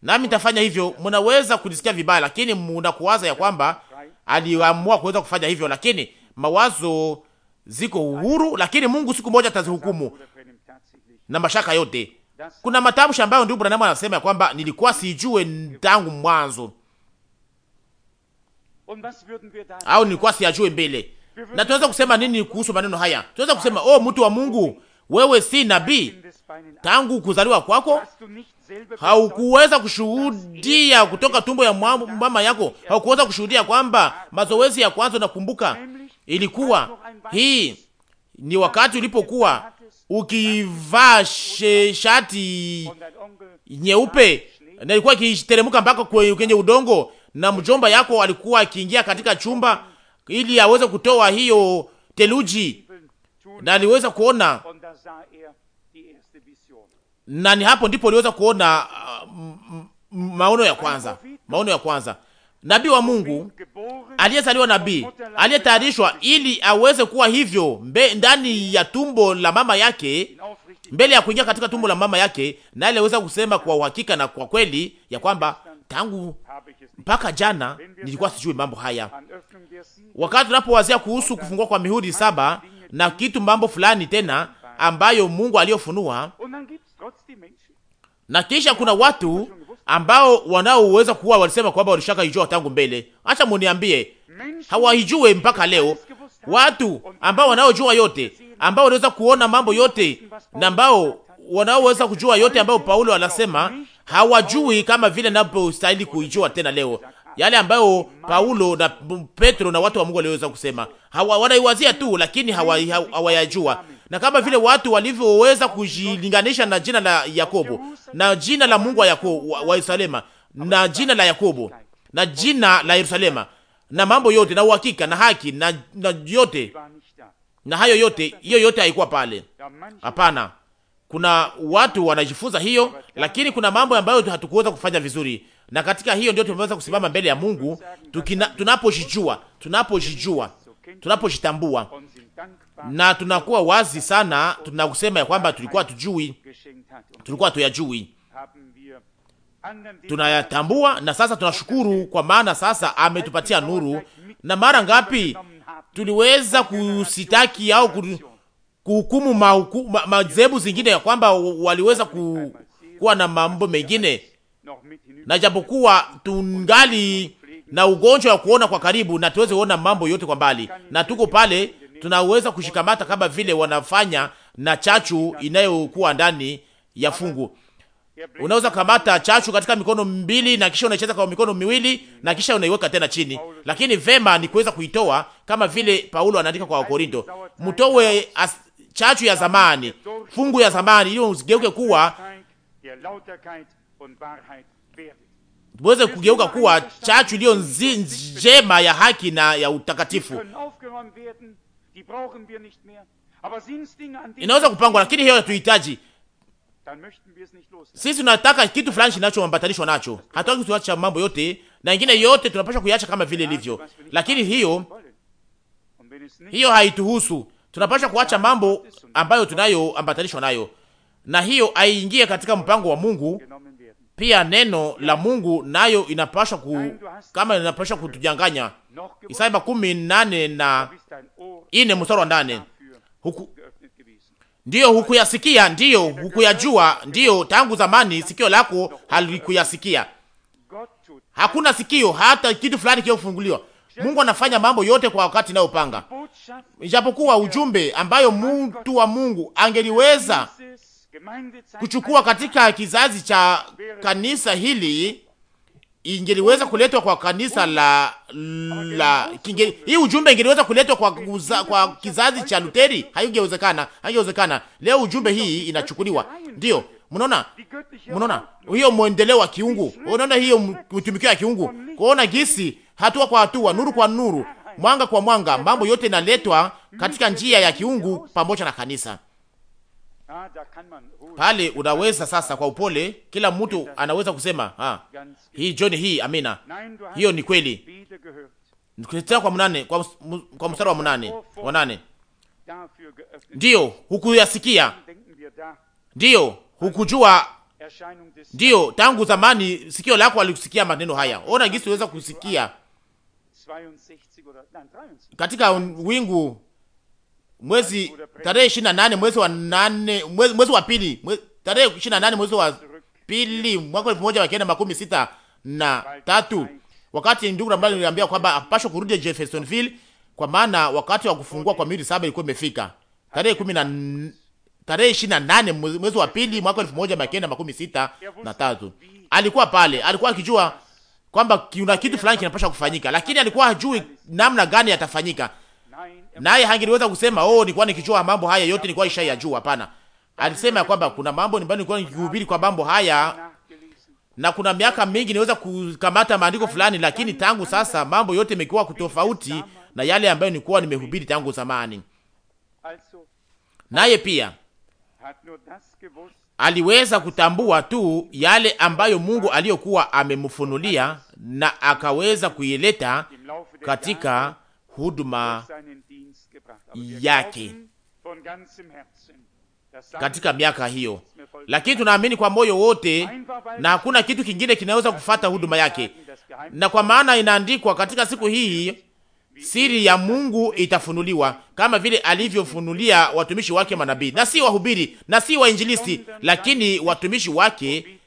nami nitafanya hivyo. Mnaweza kunisikia vibaya, lakini mnakuwaza ya kwamba aliamua kuweza kufanya hivyo, lakini mawazo ziko uhuru, lakini Mungu siku moja atazihukumu na mashaka yote. Kuna matamshi ambayo ndio Branham anasema ya kwamba nilikuwa sijue tangu mwanzo, au nilikuwa siyajue mbele. Na tunaweza kusema nini kuhusu maneno haya? Tunaweza kusema oh, mtu wa Mungu, wewe si nabii? Tangu kuzaliwa kwako haukuweza kushuhudia kutoka tumbo ya mama yako, haukuweza kushuhudia kwamba mazoezi ya kwanza, nakumbuka ilikuwa hii ni wakati ulipokuwa ukivaa shati nyeupe na ilikuwa ikiteremuka mpaka kwenye udongo, na mjomba yako alikuwa akiingia katika chumba ili aweze kutoa hiyo teluji na aliweza kuona na ni hapo ndipo aliweza kuona uh, maono ya kwanza, maono ya kwanza. Nabii wa Mungu aliyezaliwa nabii aliyetayarishwa ili aweze kuwa hivyo mbe, ndani ya tumbo la mama yake, mbele ya kuingia katika tumbo la mama yake, na aliweza kusema kwa uhakika na kwa kweli ya kwamba tangu mpaka jana nilikuwa sijui mambo haya. Wakati tunapowazia kuhusu kufungua kwa mihuri saba na kitu mambo fulani tena ambayo Mungu aliyofunua, na kisha kuna watu ambao wanaoweza kuwa walisema kwamba walishaka ijua tangu mbele. Acha muniambie, hawaijue mpaka leo. Watu ambao wanaojua yote, ambao wanaweza kuona mambo yote, na ambao wanaoweza kujua yote ambayo Paulo anasema hawajui kama vile napostahili kuijua tena leo yale ambayo Paulo na Petro na watu wa Mungu waliweza kusema. Hawa wanaiwazia tu, lakini hawayajua hawa, na kama vile watu walivyoweza kujilinganisha na jina la Yakobo na jina la Mungu wa Yakobo wa Yerusalema na jina la Yakobo na jina la Yerusalema na mambo yote na uhakika na haki na, na yote na hayo yote, hiyo yote haikuwa pale, hapana. Kuna watu wanajifunza hiyo, lakini kuna mambo ambayo hatukuweza kufanya vizuri, na katika hiyo ndio tumeweza kusimama mbele ya Mungu tunapojijua, tunapojijua, tunapojitambua na tunakuwa wazi sana, tunakusema ya kwamba tulikuwa tujui, tulikuwa tuyajui, tunayatambua na sasa tunashukuru, kwa maana sasa ametupatia nuru. Na mara ngapi tuliweza kusitaki au kuhukumu madhehebu zingine ya kwamba waliweza ku, kuwa na mambo mengine, na japokuwa tungali na ugonjwa wa kuona kwa karibu na tuweze kuona mambo yote kwa mbali, na tuko pale tunaweza kushikamata kama vile wanafanya na chachu inayokuwa ndani ya fungu. Unaweza kamata chachu katika mikono mbili na kisha unaicheza kwa mikono miwili na kisha unaiweka tena chini, lakini vema ni kuweza kuitoa kama vile Paulo anaandika kwa Wakorinto, mtowe chachu ya zamani, fungu ya zamani, ili ugeuke kuwa tuweze kugeuka kuwa chachu iliyo njema ya haki na ya utakatifu. Inaweza kupangwa, lakini hiyo hatuhitaji sisi. Tunataka kitu fulani kinachoambatanishwa nacho, hatutaki tuacha mambo yote na ingine yote tunapaswa kuiacha kama vile ilivyo, lakini hiyo hiyo haituhusu tunapasha kuacha mambo ambayo tunayoambatanishwa nayo, na hiyo aiingie katika mpango wa Mungu. Pia neno la Mungu nayo inapasha ku, kama inapasha kutujanganya. Isaya makumi nane na oh, ine mstari wa nane huku ndiyo hukuyasikia, ndiyo hukuyajua, ndiyo tangu zamani sikio lako halikuyasikia. Hakuna sikio hata kitu fulani kiofunguliwa Mungu anafanya mambo yote kwa wakati inayopanga ijapokuwa ujumbe ambayo mtu wa Mungu angeliweza kuchukua katika kizazi cha kanisa hili ingeliweza kuletwa kwa kanisa la la kingeli. Hii ujumbe ingeliweza kuletwa kwa kuza, kwa kizazi cha Luteri, haingewezekana, haingewezekana. Leo ujumbe hii inachukuliwa, ndio mnaona, mnaona hiyo mwendeleo wa kiungu, unaona hiyo mtumikio kiungu, kuona gisi hatua kwa hatua, nuru kwa nuru, mwanga kwa mwanga, mambo yote inaletwa katika njia ya kiungu pamoja na kanisa. Pale unaweza sasa, kwa upole, kila mtu anaweza kusema ha, ah, hii John, hii amina, hiyo ni kweli. Nikutetea kwa mnane, kwa, kwa mstari wa mnane wa nane, ndiyo hukuyasikia, ndiyo hukujua, ndiyo tangu zamani sikio lako alikusikia maneno haya. Ona gisi uweza kusikia katika wingu mwezi tarehe ishirini na nane mwezi wa nane mwezi, mwezi wa pili tarehe ishirini na nane mwezi wa pili mwaka elfu moja wakienda makumi sita na tatu wakati ndugu ambayo niliambia kwamba apashwa kurudi Jeffersonville kwa maana wakati wa kufungua kwa miri saba ilikuwa imefika tarehe kumi na tarehe ishirini na nane mwezi wa pili mwaka elfu moja makenda makumi sita na tatu alikuwa pale, alikuwa akijua kwamba kuna kitu fulani kinapasha kufanyika, lakini alikuwa hajui namna gani yatafanyika, naye hangeliweza kusema oh, nilikuwa nikijua mambo haya yote, nilikuwa ya nishayajua. Hapana, alisema ya kwamba kuna mambo ambayo nilikuwa nikihubiri kwa mambo haya na kuna miaka mingi niweza kukamata maandiko fulani, lakini tangu sasa mambo yote yamekuwa kutofauti na yale ambayo nilikuwa nimehubiri tangu zamani. Naye pia aliweza kutambua tu yale ambayo Mungu aliyokuwa amemfunulia na akaweza kuileta katika huduma yake katika miaka hiyo, lakini tunaamini kwa moyo wote, na hakuna kitu kingine kinaweza kufata huduma yake, na kwa maana inaandikwa katika siku hii siri ya Mungu itafunuliwa kama vile alivyofunulia watumishi wake manabii, na si wahubiri na si wainjilisti, lakini watumishi wake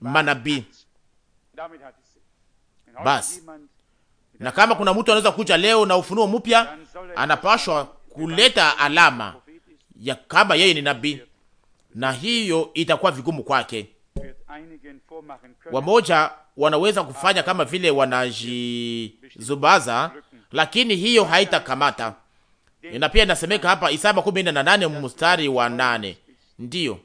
manabii. Basi na kama kuna mtu anaweza kuja leo na ufunuo mpya, anapashwa kuleta alama ya kama yeye ni nabii, na hiyo itakuwa vigumu kwake. Wamoja wanaweza kufanya kama vile wanajizubaza lakini hiyo haitakamata. Na pia inasemeka hapa Isaya makumi nne na nane mstari wa nane ndiyo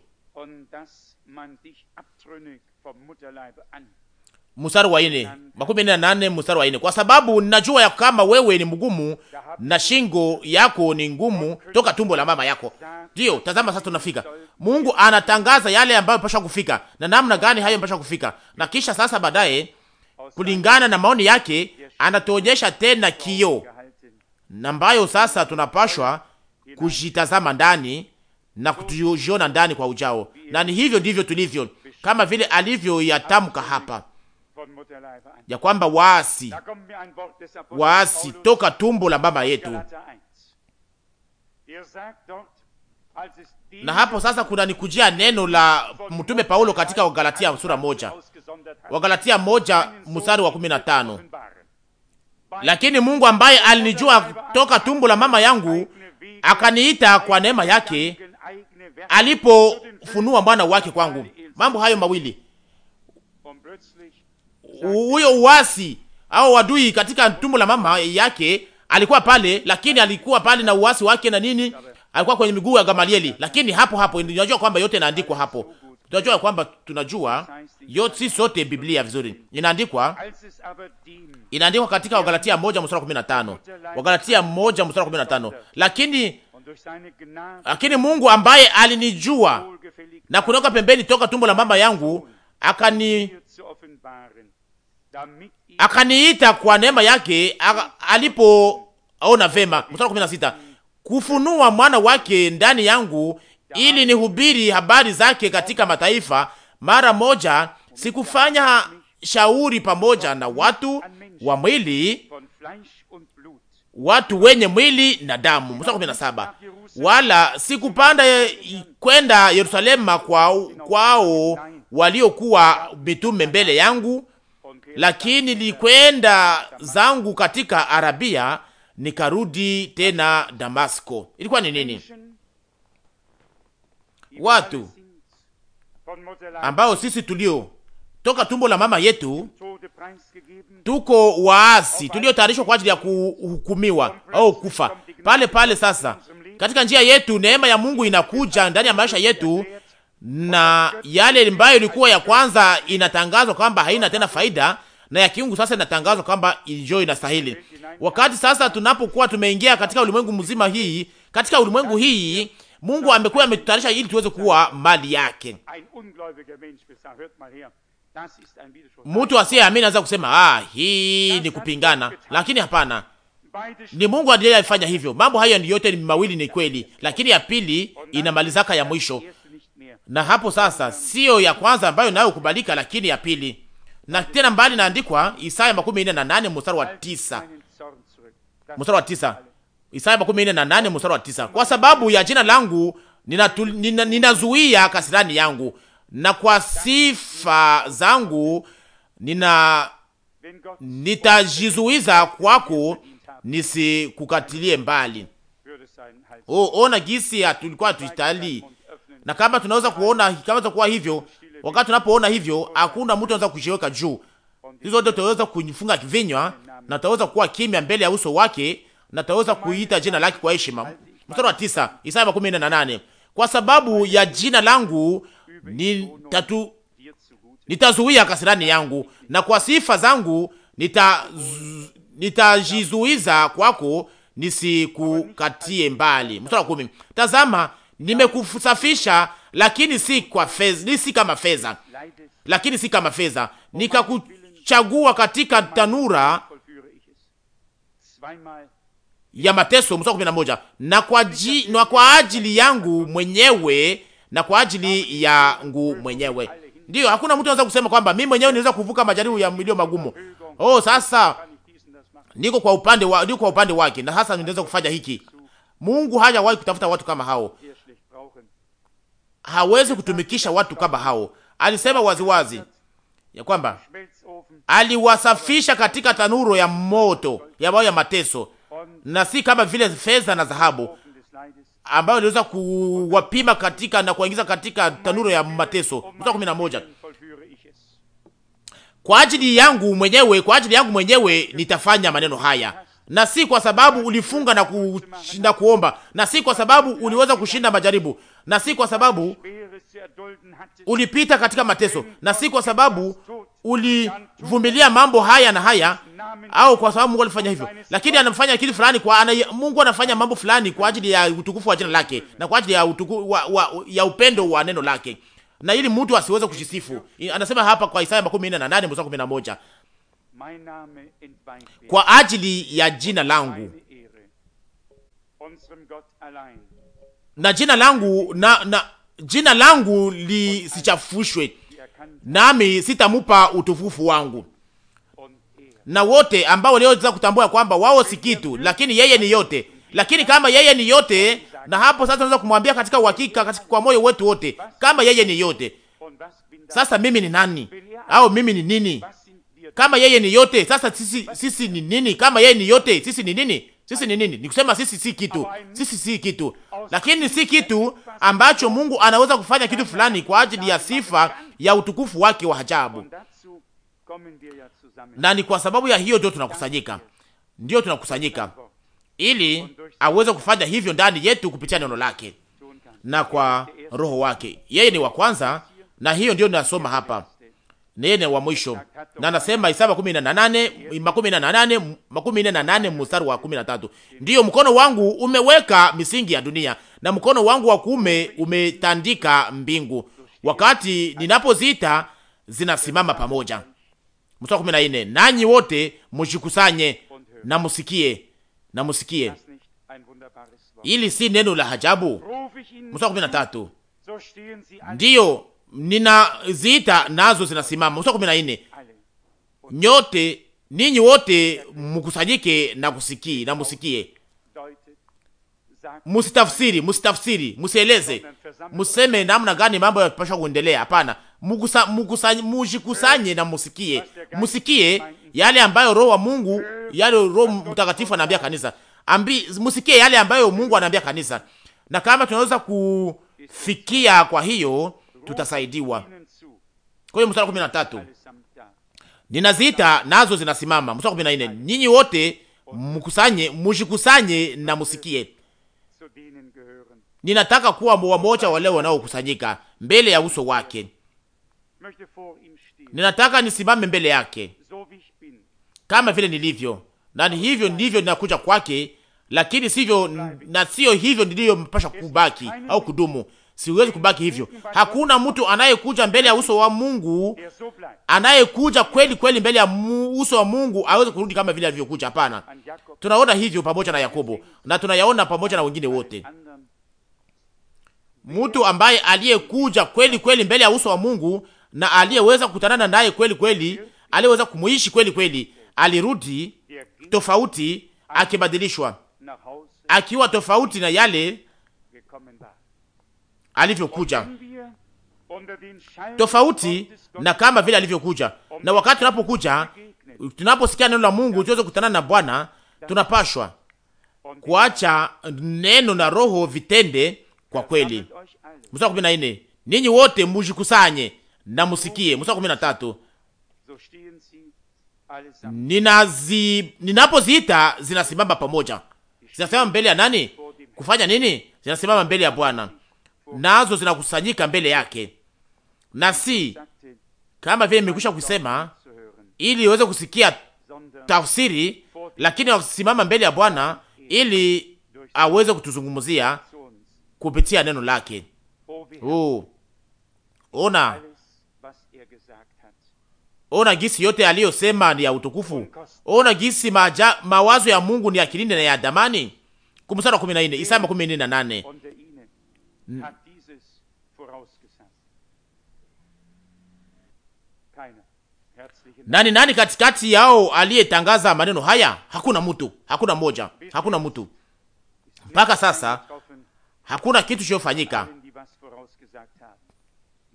mstari wa ine makumi nne na nane mstari wa ine kwa sababu najua ya kama wewe ni mgumu na shingo yako ni ngumu toka tumbo la mama yako. Ndiyo, tazama sasa tunafika. Mungu anatangaza yale ambayo pasha kufika na namna gani hayo pasha kufika, na kisha sasa baadaye kulingana na maoni yake anatuonyesha tena kio ambayo sasa tunapashwa kujitazama ndani na kutujiona ndani kwa ujao, na ni hivyo ndivyo tulivyo, kama vile alivyoyatamka hapa ya kwamba waasi waasi toka tumbo la baba yetu. Na hapo sasa kuna nikujia neno la mtume Paulo katika Wagalatia sura moja, Wagalatia moja mstari wa kumi na tano lakini Mungu ambaye alinijua toka tumbo la mama yangu akaniita kwa neema yake alipofunua mwana wake kwangu. Mambo hayo mawili, huyo uasi au wadui katika tumbo la mama yake alikuwa pale, lakini alikuwa pale na uasi wake na nini, alikuwa kwenye miguu ya Gamalieli, lakini hapo hapo, ninajua kwamba yote inaandikwa hapo tunajua ya kwamba tunajua yote, sisi sote Biblia vizuri inaandikwa, inaandikwa katika Wagalatia moja mstari Wagalatia moja mstari lakini lakini Mungu ambaye alinijua na kunoka pembeni toka tumbo la mama yangu akani akaniita kwa neema yake alipoona vema. Mstari wa kufunua mwana wake ndani yangu ili nihubiri habari zake katika mataifa. Mara moja sikufanya shauri pamoja na watu wa mwili, watu wenye mwili na damu. Mstari kumi na saba, wala sikupanda kwenda Yerusalema kwao, kwao waliokuwa mitume mbele yangu, lakini nilikwenda zangu katika Arabia nikarudi tena Damasko. Ilikuwa ni nini? watu ambao sisi tulio toka tumbo la mama yetu tuko waasi tuliotayarishwa kwa ajili ya kuhukumiwa au kufa pale pale. Sasa katika njia yetu neema ya Mungu inakuja ndani ya maisha yetu, na yale ambayo ilikuwa ya kwanza inatangazwa kwamba haina tena faida, na ya kiungu sasa inatangazwa kwamba injo inastahili. Wakati sasa tunapokuwa tumeingia katika ulimwengu mzima hii, katika ulimwengu hii Mungu amekuwa ametutarisha ili tuweze kuwa mali yake. Mtu asiyeamini anaweza kusema ah, hii ni kupingana, lakini hapana, ni Mungu aliyefanya hivyo. Mambo hayo ni yote ni mawili, ni kweli, lakini ya pili inamalizaka ya mwisho, na hapo sasa sio ya kwanza ambayo nayo kubalika, lakini ya pili. Na tena mbali naandikwa Isaya makumi nne na nane mstari wa tisa mstari wa tisa Isaya makumi nne na nane mstari wa tisa. Kwa sababu ya jina langu ninazuia nina, nina kasirani yangu na kwa sifa zangu nina nitajizuiza kwako nisikukatilie mbali. Oh, ona gisi ya tulikuwa tuitali. Na kama tunaweza kuona kama tutakuwa hivyo, wakati tunapoona hivyo, hakuna mtu anaweza kujiweka juu. Hizo zote tutaweza kujifunga kivinywa na tutaweza kuwa kimya mbele ya uso wake na kuita jina lake kwa heshima. Mstari wa tisa, Isaya makumi nne na nane kwa sababu ya jina langu nitatu nitazuia kasirani yangu na kwa sifa zangu nita nitajizuiza kwako nisikukatie mbali. Mstari wa kumi, tazama nimekusafisha lakini si kwa fedha, si kama fedha, lakini si kama fedha, nikakuchagua katika tanura ya mateso mstari 11, na kwa ji, na kwa ajili yangu mwenyewe na kwa ajili yangu mwenyewe. Ndiyo, hakuna mtu anaweza kusema kwamba mimi mwenyewe niweza kuvuka majaribu ya milio magumu. Oh, sasa niko kwa upande wa niko kwa upande wake na sasa niweza kufanya hiki. Mungu hajawahi kutafuta watu kama hao. Hawezi kutumikisha watu kama hao. Alisema waziwazi ya kwamba aliwasafisha katika tanuro ya moto ya bao ya mateso na si kama vile fedha na dhahabu ambayo iliweza kuwapima katika na kuwaingiza katika tanuro ya mateso. Mstari kumi na moja, kwa ajili yangu mwenyewe, kwa ajili yangu mwenyewe nitafanya maneno haya, na si kwa sababu ulifunga na kushinda kuomba, na si kwa sababu uliweza kushinda majaribu, na si kwa sababu ulipita katika mateso, na si kwa sababu ulivumilia mambo haya na haya au kwa sababu Mungu alifanya hivyo, lakini anafanya kitu fulani kwa ana, Mungu anafanya mambo fulani kwa ajili ya utukufu wa jina lake na kwa ajili ya, utuku, wa, wa, ya upendo wa neno lake, na ili mtu asiweze kushisifu. Anasema hapa kwa Isaya 48 mstari 11, kwa ajili ya jina langu na jina langu na, na jina langu lisichafushwe, nami sitamupa utukufu wangu na wote ambao walioweza kutambua kwamba wao si kitu, lakini yeye ni yote. Lakini kama yeye ni yote, na hapo sasa tunaweza kumwambia katika uhakika, katika kwa moyo wetu wote, kama yeye ni yote, sasa mimi ni nani au mimi ni nini? Kama yeye ni yote, sasa sisi sisi ni nini? Kama yeye ni yote, sisi ni nini? Sisi ni nini? Ni kusema sisi si kitu, sisi si kitu, lakini si kitu ambacho Mungu anaweza kufanya kitu fulani kwa ajili ya sifa ya utukufu wake wa ajabu na ni kwa sababu ya hiyo ndio tunakusanyika, ndio tunakusanyika ili aweze kufanya hivyo ndani yetu kupitia neno lake na kwa roho wake. Yeye ni wa kwanza, na hiyo ndio ninasoma hapa, na yeye ni wa mwisho, na anasema Isaya makumi na mstari wa 13 ndiyo mkono wangu umeweka misingi ya dunia na mkono wangu wa kuume umetandika mbingu, wakati ninapoziita zinasimama pamoja. Mstari kumi na nne, nanyi wote mushikusanye na musikie na musikie, ili si neno la hajabu? Mstari kumi na tatu, ndiyo ninaziita nazo zinasimama. Mstari kumi na nne, nyote ninyi wote mukusanyike na kusikie na musikie. Musitafsiri, musitafsiri, musieleze, museme namna gani mambo yanapaswa kuendelea. Hapana, mujikusanye na musikie, musikie yale ambayo roho wa Mungu, yale roho mtakatifu anaambia kanisa, ambi musikie yale ambayo Mungu anaambia kanisa, na kama tunaweza kufikia, kwa hiyo tutasaidiwa. Kwa hiyo mstari 13 ninaziita nazo zinasimama. Mstari 14 nyinyi wote mkusanye, mujikusanye na musikie. Ninataka kuwa mmoja wale wanaokusanyika mbele ya uso wake Ninataka nisimame mbele yake kama vile nilivyo, na hivyo ndivyo ninakuja kwake, lakini sivyo na sio hivyo niliyompasha kubaki au kudumu. Siwezi kubaki hivyo. Hakuna mtu anayekuja mbele ya uso wa Mungu, anayekuja kweli kweli mbele ya uso wa Mungu aweze kurudi kama vile alivyokuja. Hapana, tunaona hivyo pamoja na Yakobo na tunayaona pamoja na wengine wote. Um, mtu ambaye aliyekuja kweli kweli mbele ya uso wa Mungu na aliyeweza kukutana naye kweli kweli, aliyeweza kumuishi kweli kweli, alirudi tofauti, akibadilishwa, akiwa tofauti na yale alivyokuja, tofauti na kama vile alivyokuja. Na wakati tunapokuja, tunaposikia neno la Mungu, tuweze kukutana na Bwana, tunapashwa kuacha neno na roho vitende kwa kweli. Mstari wa kumi na nne, ninyi wote mujikusanye na musikie. Mstari kumi na tatu ninazi ninapoziita zinasimama pamoja. Zinasimama mbele ya nani? Kufanya nini? Zinasimama mbele ya Bwana, nazo zinakusanyika mbele yake, na si kama vile nimekwisha kusema, ili weze kusikia tafsiri, lakini wasimama mbele ya Bwana ili aweze kutuzungumzia kupitia neno lake. Oh, ona Ona gisi yote aliyosema ni ya utukufu. Ona gisi maja, mawazo ya Mungu ni ya kilindi na ya damani. Kumsara 14, Isaya nane. Nani nani katikati yao aliyetangaza maneno haya? Hakuna mtu, hakuna moja, hakuna mtu. Mpaka sasa hakuna kitu chofanyika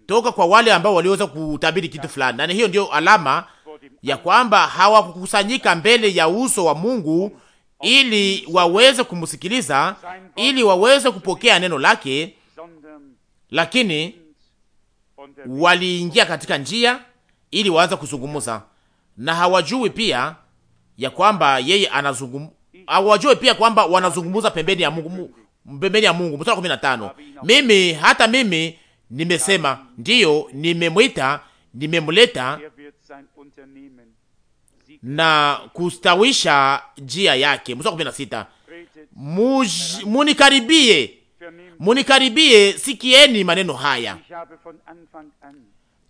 toka kwa wale ambao waliweza kutabiri kitu fulani, na hiyo ndiyo alama ya kwamba hawakukusanyika mbele ya uso wa Mungu ili waweze kumsikiliza, ili waweze kupokea neno lake, lakini waliingia katika njia ili waanze kuzungumza, na hawajui pia ya kwamba yeye anazungum, hawajui pia kwamba wanazungumza pembeni ya Mungu, pembeni ya Mungu. Mstari 15, mimi hata mimi Nimesema ndiyo, nimemwita, nimemleta na kustawisha njia yake. Mstari kumi na sita, munikaribie, munikaribie, sikieni maneno haya.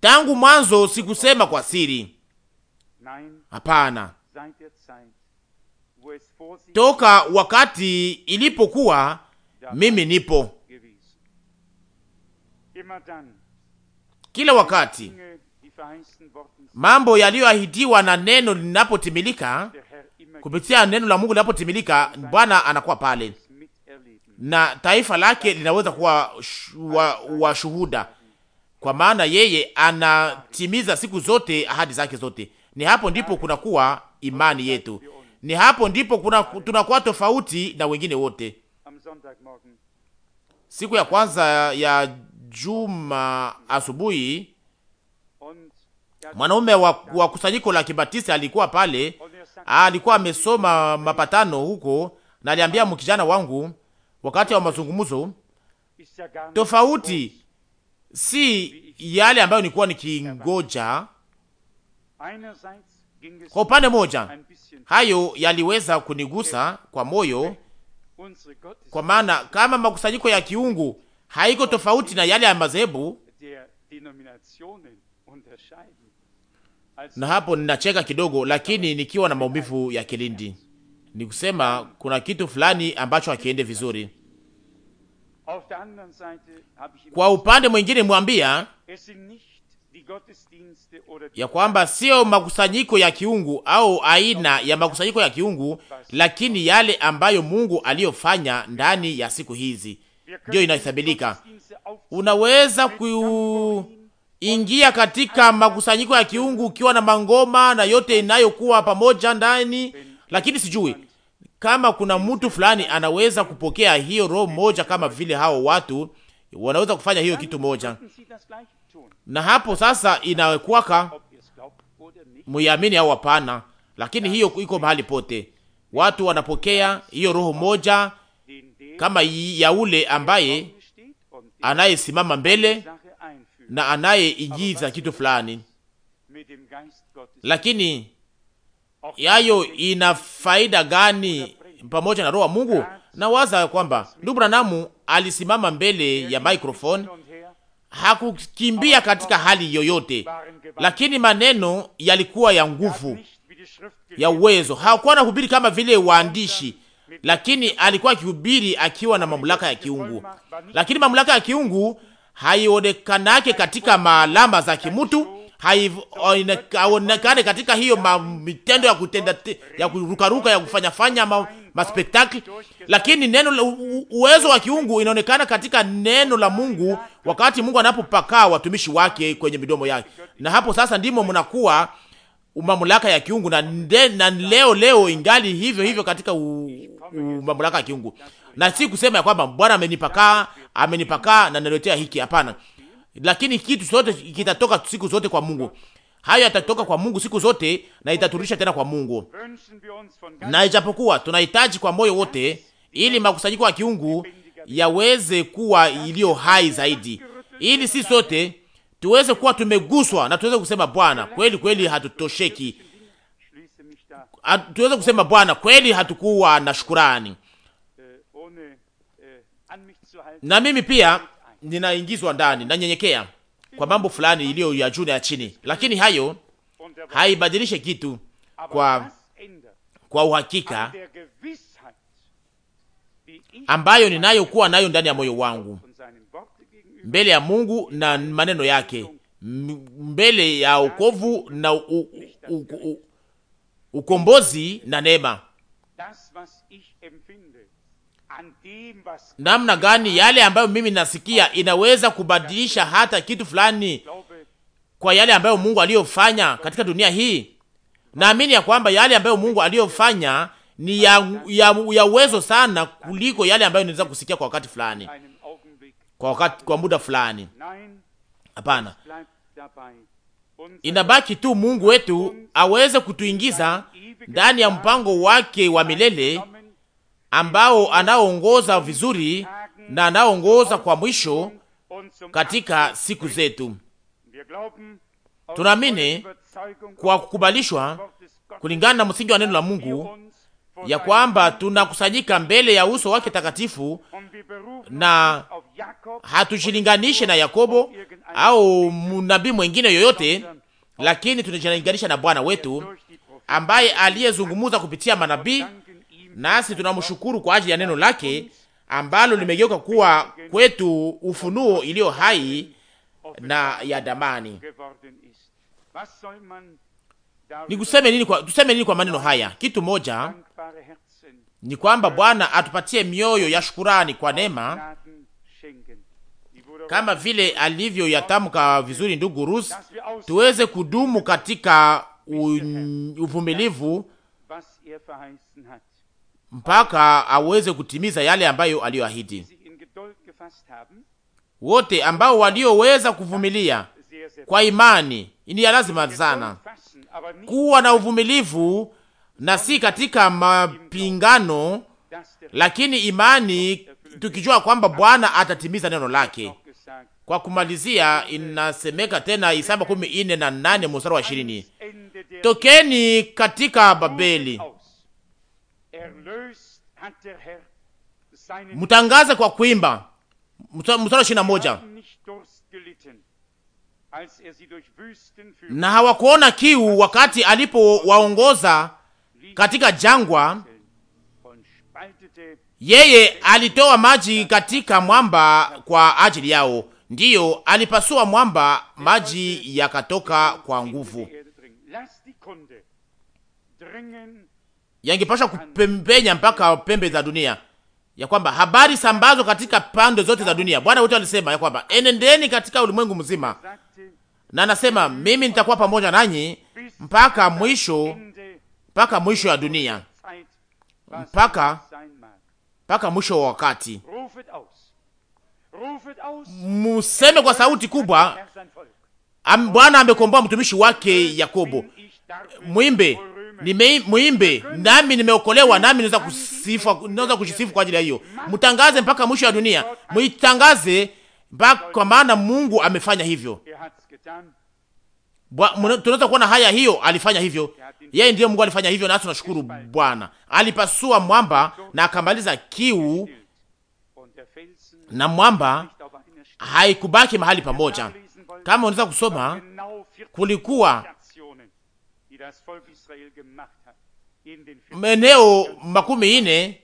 Tangu mwanzo sikusema kwa siri, hapana, toka wakati ilipokuwa mimi nipo kila wakati mambo yaliyoahidiwa na neno linapotimilika, kupitia neno la Mungu linapotimilika, Bwana anakuwa pale na taifa lake linaweza kuwa washuhuda wa kwa maana yeye anatimiza siku zote ahadi zake zote. Ni hapo ndipo kunakuwa imani yetu, ni hapo ndipo kuna tunakuwa tofauti na wengine wote. Siku ya kwanza ya juma asubuhi, mwanaume wa, wa kusanyiko la kibatisi alikuwa pale, alikuwa amesoma mapatano huko, na aliambia mkijana wangu wakati wa mazungumzo, tofauti si yale ambayo nilikuwa nikingoja. Kwa upande moja, hayo yaliweza kunigusa kwa moyo, kwa maana kama makusanyiko ya kiungu haiko tofauti na yale ya madhehebu, na hapo ninacheka kidogo, lakini nikiwa na maumivu ya kilindi, ni kusema kuna kitu fulani ambacho hakiende vizuri. Kwa upande mwingine, mwambia ya kwamba sio makusanyiko ya kiungu au aina ya makusanyiko ya kiungu, lakini yale ambayo Mungu aliyofanya ndani ya siku hizi ndiyo inahesabilika. Unaweza kuingia katika makusanyiko ya kiungu ukiwa na mangoma na yote inayokuwa pamoja ndani, lakini sijui kama kuna mtu fulani anaweza kupokea hiyo roho moja, kama vile hao watu wanaweza kufanya hiyo kitu moja, na hapo sasa inawekwaka muiamini au hapana, lakini hiyo iko mahali pote, watu wanapokea hiyo roho moja kama ya ule ambaye anayesimama mbele na anayeingiza kitu fulani, lakini yayo ina faida gani pamoja na roho wa Mungu? Nawaza kwamba ndugu Branamu alisimama mbele ya microphone, hakukimbia katika hali yoyote, lakini maneno yalikuwa ya nguvu, ya uwezo. Hakuwa na hubiri kama vile waandishi lakini alikuwa akihubiri akiwa na mamlaka ya kiungu. Lakini mamlaka ya kiungu haionekanake katika maalama za kimutu, haionekane katika hiyo mitendo ya kutenda ya kurukaruka ya kufanyafanya ma, maspektakli, lakini neno uwezo wa kiungu inaonekana katika neno la Mungu, wakati Mungu anapopakaa watumishi wake kwenye midomo yake, na hapo sasa ndimo mnakuwa mamlaka ya kiungu na, nde, na leo leo ingali hivyo hivyo katika u, u, mamlaka ya kiungu, na si kusema ya kwamba Bwana amenipaka amenipaka na naletea hiki. Hapana, lakini kitu sote kitatoka siku zote kwa Mungu. Hayo yatatoka kwa Mungu siku zote na itaturudisha tena kwa Mungu. Na ijapokuwa tunahitaji kwa moyo wote, ili makusanyiko ya kiungu yaweze kuwa iliyo hai zaidi, ili si sote tuweze kuwa tumeguswa na tuweze kusema Bwana, kweli kweli hatutosheki. Tuweze kusema Bwana, kweli hatukuwa na shukurani. Na mimi pia ninaingizwa ndani, nanyenyekea kwa mambo fulani iliyo ya juu na ya chini, lakini hayo haibadilishe kitu kwa kwa uhakika ambayo ninayokuwa nayo ndani ya moyo wangu mbele ya Mungu na maneno yake, mbele ya ukovu na u, u, u, u, ukombozi na neema. Namna gani yale ambayo mimi nasikia inaweza kubadilisha hata kitu fulani kwa yale ambayo Mungu aliyofanya katika dunia hii? Naamini ya kwamba yale ambayo Mungu aliyofanya ni ya, ya, ya uwezo sana kuliko yale ambayo ninaweza kusikia kwa wakati fulani kwa wakati, kwa muda fulani. Hapana, inabaki tu Mungu wetu aweze kutuingiza ndani ya mpango wake wa milele ambao anaongoza vizuri na anaongoza kwa mwisho katika siku zetu. Tunaamini kwa kukubalishwa kulingana na msingi wa neno la Mungu ya kwamba tunakusanyika mbele ya uso wake takatifu, na hatujilinganishe na Yakobo au nabii mwengine yoyote, lakini tunajilinganisha na Bwana wetu ambaye aliyezungumza kupitia manabii, nasi tunamshukuru kwa ajili ya neno lake ambalo limegeuka kuwa kwetu ufunuo iliyo hai na ya damani. Nikuseme nini kwa, tuseme nini kwa maneno haya? Kitu moja ni kwamba Bwana atupatie mioyo ya shukurani kwa neema kama vile alivyo yatamka vizuri ndugu Rus, tuweze kudumu katika uvumilivu mpaka aweze kutimiza yale ambayo aliyoahidi. Wote ambao walioweza kuvumilia kwa imani, ni ya lazima sana kuwa na uvumilivu na si katika mapingano, lakini imani, tukijua kwamba Bwana atatimiza neno lake. Kwa kumalizia, inasemeka tena Isaya kumi ine na nane mstari wa ishirini tokeni katika Babeli, mtangaze kwa kuimba. Mstari wa ishirini na moja na hawakuona kiu wakati alipowaongoza katika jangwa, yeye alitoa maji katika mwamba kwa ajili yao. Ndiyo, alipasua mwamba, maji yakatoka kwa nguvu. Yangepasha kupembenya mpaka pembe za dunia, ya kwamba habari sambazo katika pande zote za dunia. Bwana wetu alisema ya kwamba enendeni katika ulimwengu mzima, na anasema mimi nitakuwa pamoja nanyi mpaka mwisho mpaka mwisho ya dunia, mpaka mpaka mwisho wa wakati. Museme kwa sauti kubwa, am, Bwana amekomboa mtumishi wake Yakobo. Mwimbe nime, mwimbe nami nimeokolewa, nami naweza kusifa, naweza kujisifu kwa ajili ya hiyo. Mtangaze mpaka mwisho ya dunia, mwitangaze mpaka, kwa maana Mungu amefanya hivyo. Tunaweza kuona haya, hiyo alifanya hivyo yeye ndiye Mungu alifanya hivyo, na tunashukuru Bwana. Alipasua mwamba na akamaliza kiu, na mwamba haikubaki mahali pamoja. Kama unaweza kusoma, kulikuwa meneo makumi ine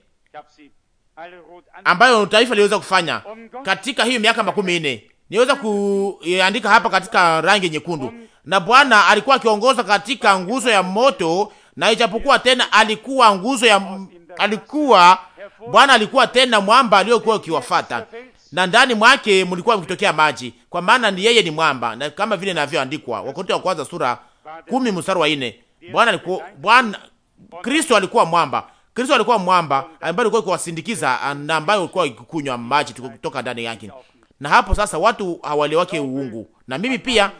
ambayo taifa liweza kufanya katika hiyo miaka makumi ine. Niweza kuandika hapa katika rangi nyekundu na Bwana alikuwa akiongoza katika nguzo ya moto, na ijapokuwa tena alikuwa nguzo ya alikuwa Bwana alikuwa tena mwamba aliyokuwa ukiwafata, na ndani mwake mlikuwa mkitokea maji, kwa maana ni yeye ni mwamba, na kama vile inavyoandikwa Wakorintho wa kwanza sura kumi mstari wa nne. Bwana alikuwa Bwana Kristo alikuwa mwamba, Kristo alikuwa mwamba ambaye alikuwa kuwasindikiza na ambaye alikuwa kukunywa maji kutoka ndani yake. Na hapo sasa watu hawaliwake uungu, na mimi pia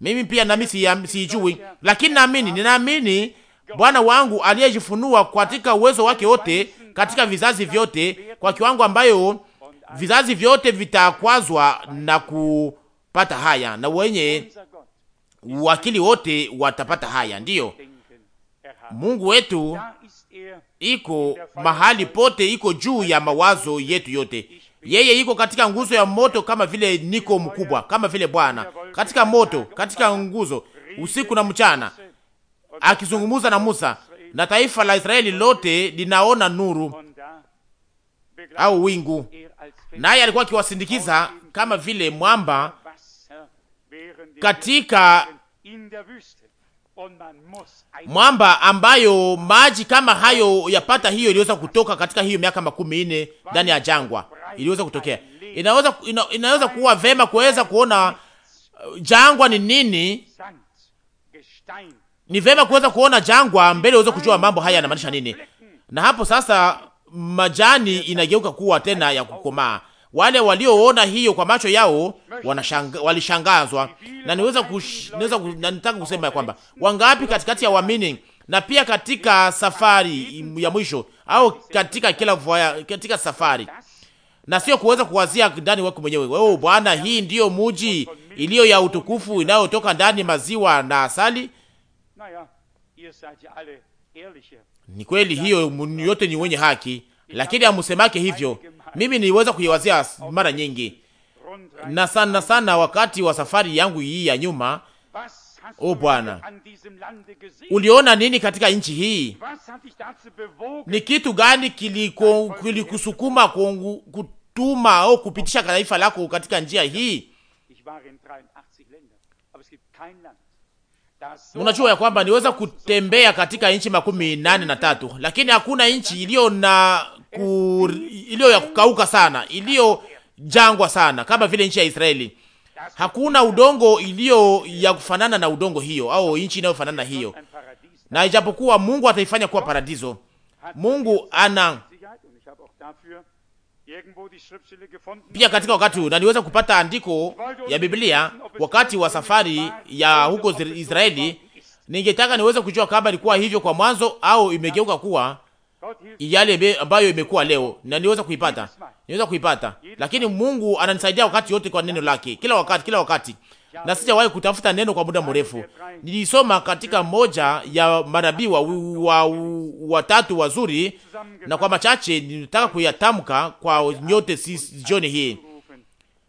mimi pia nami siijui, lakini naamini, ninaamini Bwana wangu aliyejifunua katika uwezo wake wote katika vizazi vyote, kwa kiwango ambayo vizazi vyote vitakwazwa na kupata haya, na wenye wakili wote watapata haya. Ndiyo, Mungu wetu iko mahali pote, iko juu ya mawazo yetu yote. Yeye iko katika nguzo ya moto kama vile niko mkubwa, kama vile Bwana katika moto, katika nguzo usiku na mchana, akizungumza na Musa na taifa la Israeli lote linaona nuru au wingu, naye alikuwa akiwasindikiza kama vile mwamba katika mwamba ambayo maji kama hayo yapata hiyo iliweza kutoka katika hiyo miaka makumi nne ndani ya jangwa iliweza kutokea. Inaweza, ina, inaweza kuwa vema kuweza kuona uh, jangwa ni nini. Ni vema kuweza kuona jangwa mbele uweze kujua mambo haya yanamaanisha nini. Na hapo sasa majani inageuka kuwa tena ya kukomaa. Wale walioona hiyo kwa macho yao wanashanga, walishangazwa na niweza kush, niweza na nitaka kusema ya kwamba wangapi katikati ya waamini na pia katika safari ya mwisho au katika kila vwaya, katika safari na sio kuweza kuwazia ndani wako mwenyewe. Wewe oh, Bwana, hii ndiyo muji iliyo ya utukufu inayotoka ndani maziwa na asali. Ni kweli hiyo, yote ni wenye haki, lakini amusemake hivyo. Mimi niliweza kuiwazia mara nyingi na sana sana wakati wa safari yangu hii ya nyuma. O oh, Bwana, uliona nini katika nchi hii? Ni kitu gani kilikusukuma kiliku kutuma au kupitisha taifa lako katika njia hii? Unajua ya kwamba niweza kutembea katika nchi makumi nane na tatu, lakini hakuna nchi iliyo na ku, iliyo ya kukauka sana, iliyo jangwa sana kama vile nchi ya Israeli. Hakuna udongo iliyo ya kufanana na udongo hiyo au nchi inayofanana hiyo, na ijapokuwa Mungu ataifanya kuwa paradizo. Mungu ana pia katika wakati huu naniweza kupata andiko ya Biblia wakati wa safari ya huko Israeli. Ningetaka niweze kujua kama ilikuwa hivyo kwa mwanzo au imegeuka kuwa yale ambayo imekuwa leo, na niweza kuipata, niweza kuipata, lakini Mungu ananisaidia wakati yote kwa neno lake, kila wakati, kila wakati na sijawahi kutafuta neno kwa muda mrefu. Nilisoma katika moja ya manabii watatu wa, wa wazuri, na kwa machache nilitaka kuyatamka kwa nyote sisi jioni hii.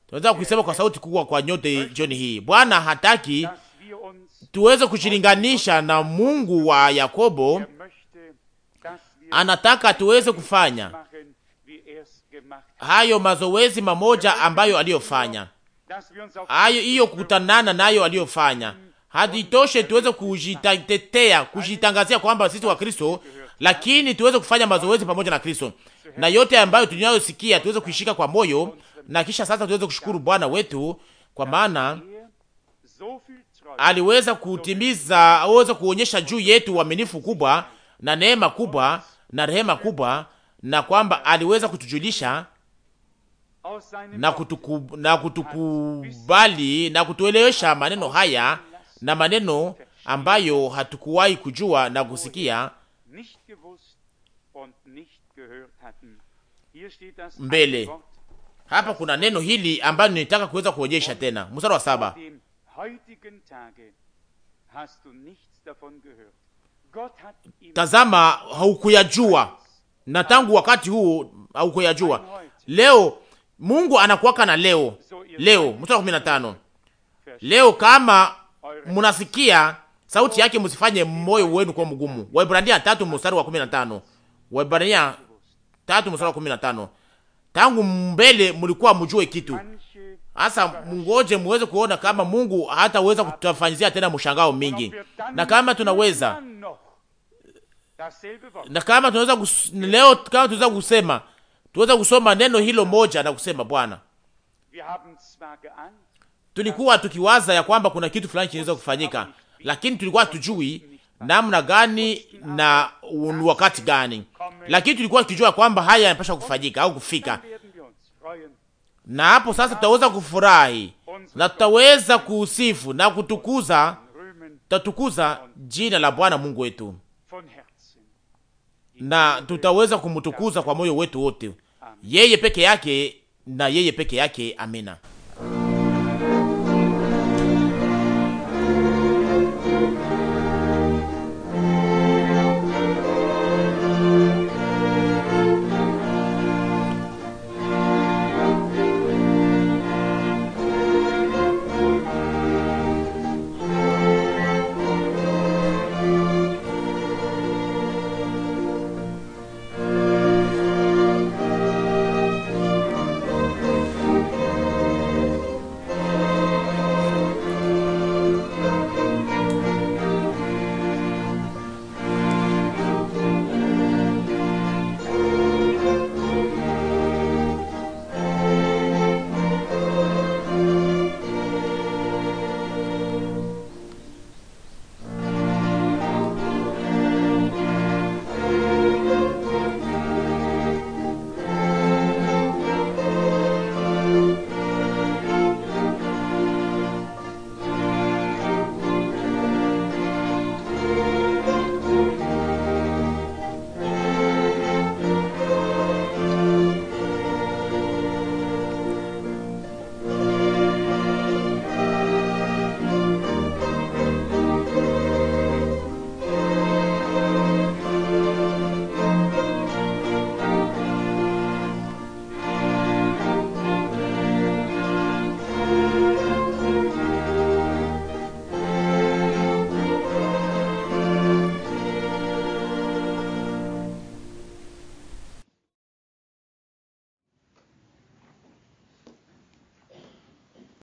Tunataka kuisema kwa sauti kubwa kwa nyote jioni hii. Bwana hataki tuweze kujilinganisha na Mungu wa Yakobo, anataka tuweze kufanya hayo mazoezi mamoja ambayo aliyofanya hayo hiyo kukutanana nayo aliyofanya haditoshe tuweze kujitetea kujitangazia kwamba sisi wa Kristo, lakini tuweze kufanya mazoezi pamoja na Kristo na yote ambayo tunayosikia tuweze kuishika kwa moyo, na kisha sasa tuweze kushukuru Bwana wetu kwa maana aliweza kutimiza, aweza kuonyesha juu yetu uaminifu kubwa na neema kubwa na rehema kubwa, na kwamba aliweza kutujulisha na kutuku, na kutukubali na kutuelewesha maneno haya na maneno ambayo hatukuwahi kujua na kusikia mbele. Hapa kuna neno hili ambalo nilitaka kuweza kuonyesha tena, mstari wa saba tazama, haukuyajua na tangu wakati huu haukuyajua. Leo Mungu anakuwaka na leo. Leo mstari wa tano Leo kama munasikia sauti oh. yake musifanye moyo wenu kwa mgumu. Waebrania tatu mstari wa tano Waebrania tatu mstari wa tano Tangu mbele mulikuwa mjue kitu. Hasa mungoje muweze kuona kama Mungu hataweza kutafanyizia tena mshangao mingi. Na kama tunaweza na kama tunaweza kus, leo kama tunaweza kusema tuweza kusoma neno hilo moja na kusema Bwana, tulikuwa tukiwaza ya kwamba kuna kitu fulani kinaweza kufanyika, lakini tulikuwa tujui namna gani na wakati gani, lakini tulikuwa tukijua kwamba haya yanapaswa kufanyika au kufika. Na hapo sasa tutaweza kufurahi na tutaweza kusifu na kutukuza, tutatukuza jina la Bwana Mungu wetu na tutaweza kumtukuza kwa moyo wetu wote, yeye peke yake na yeye peke yake. Amina.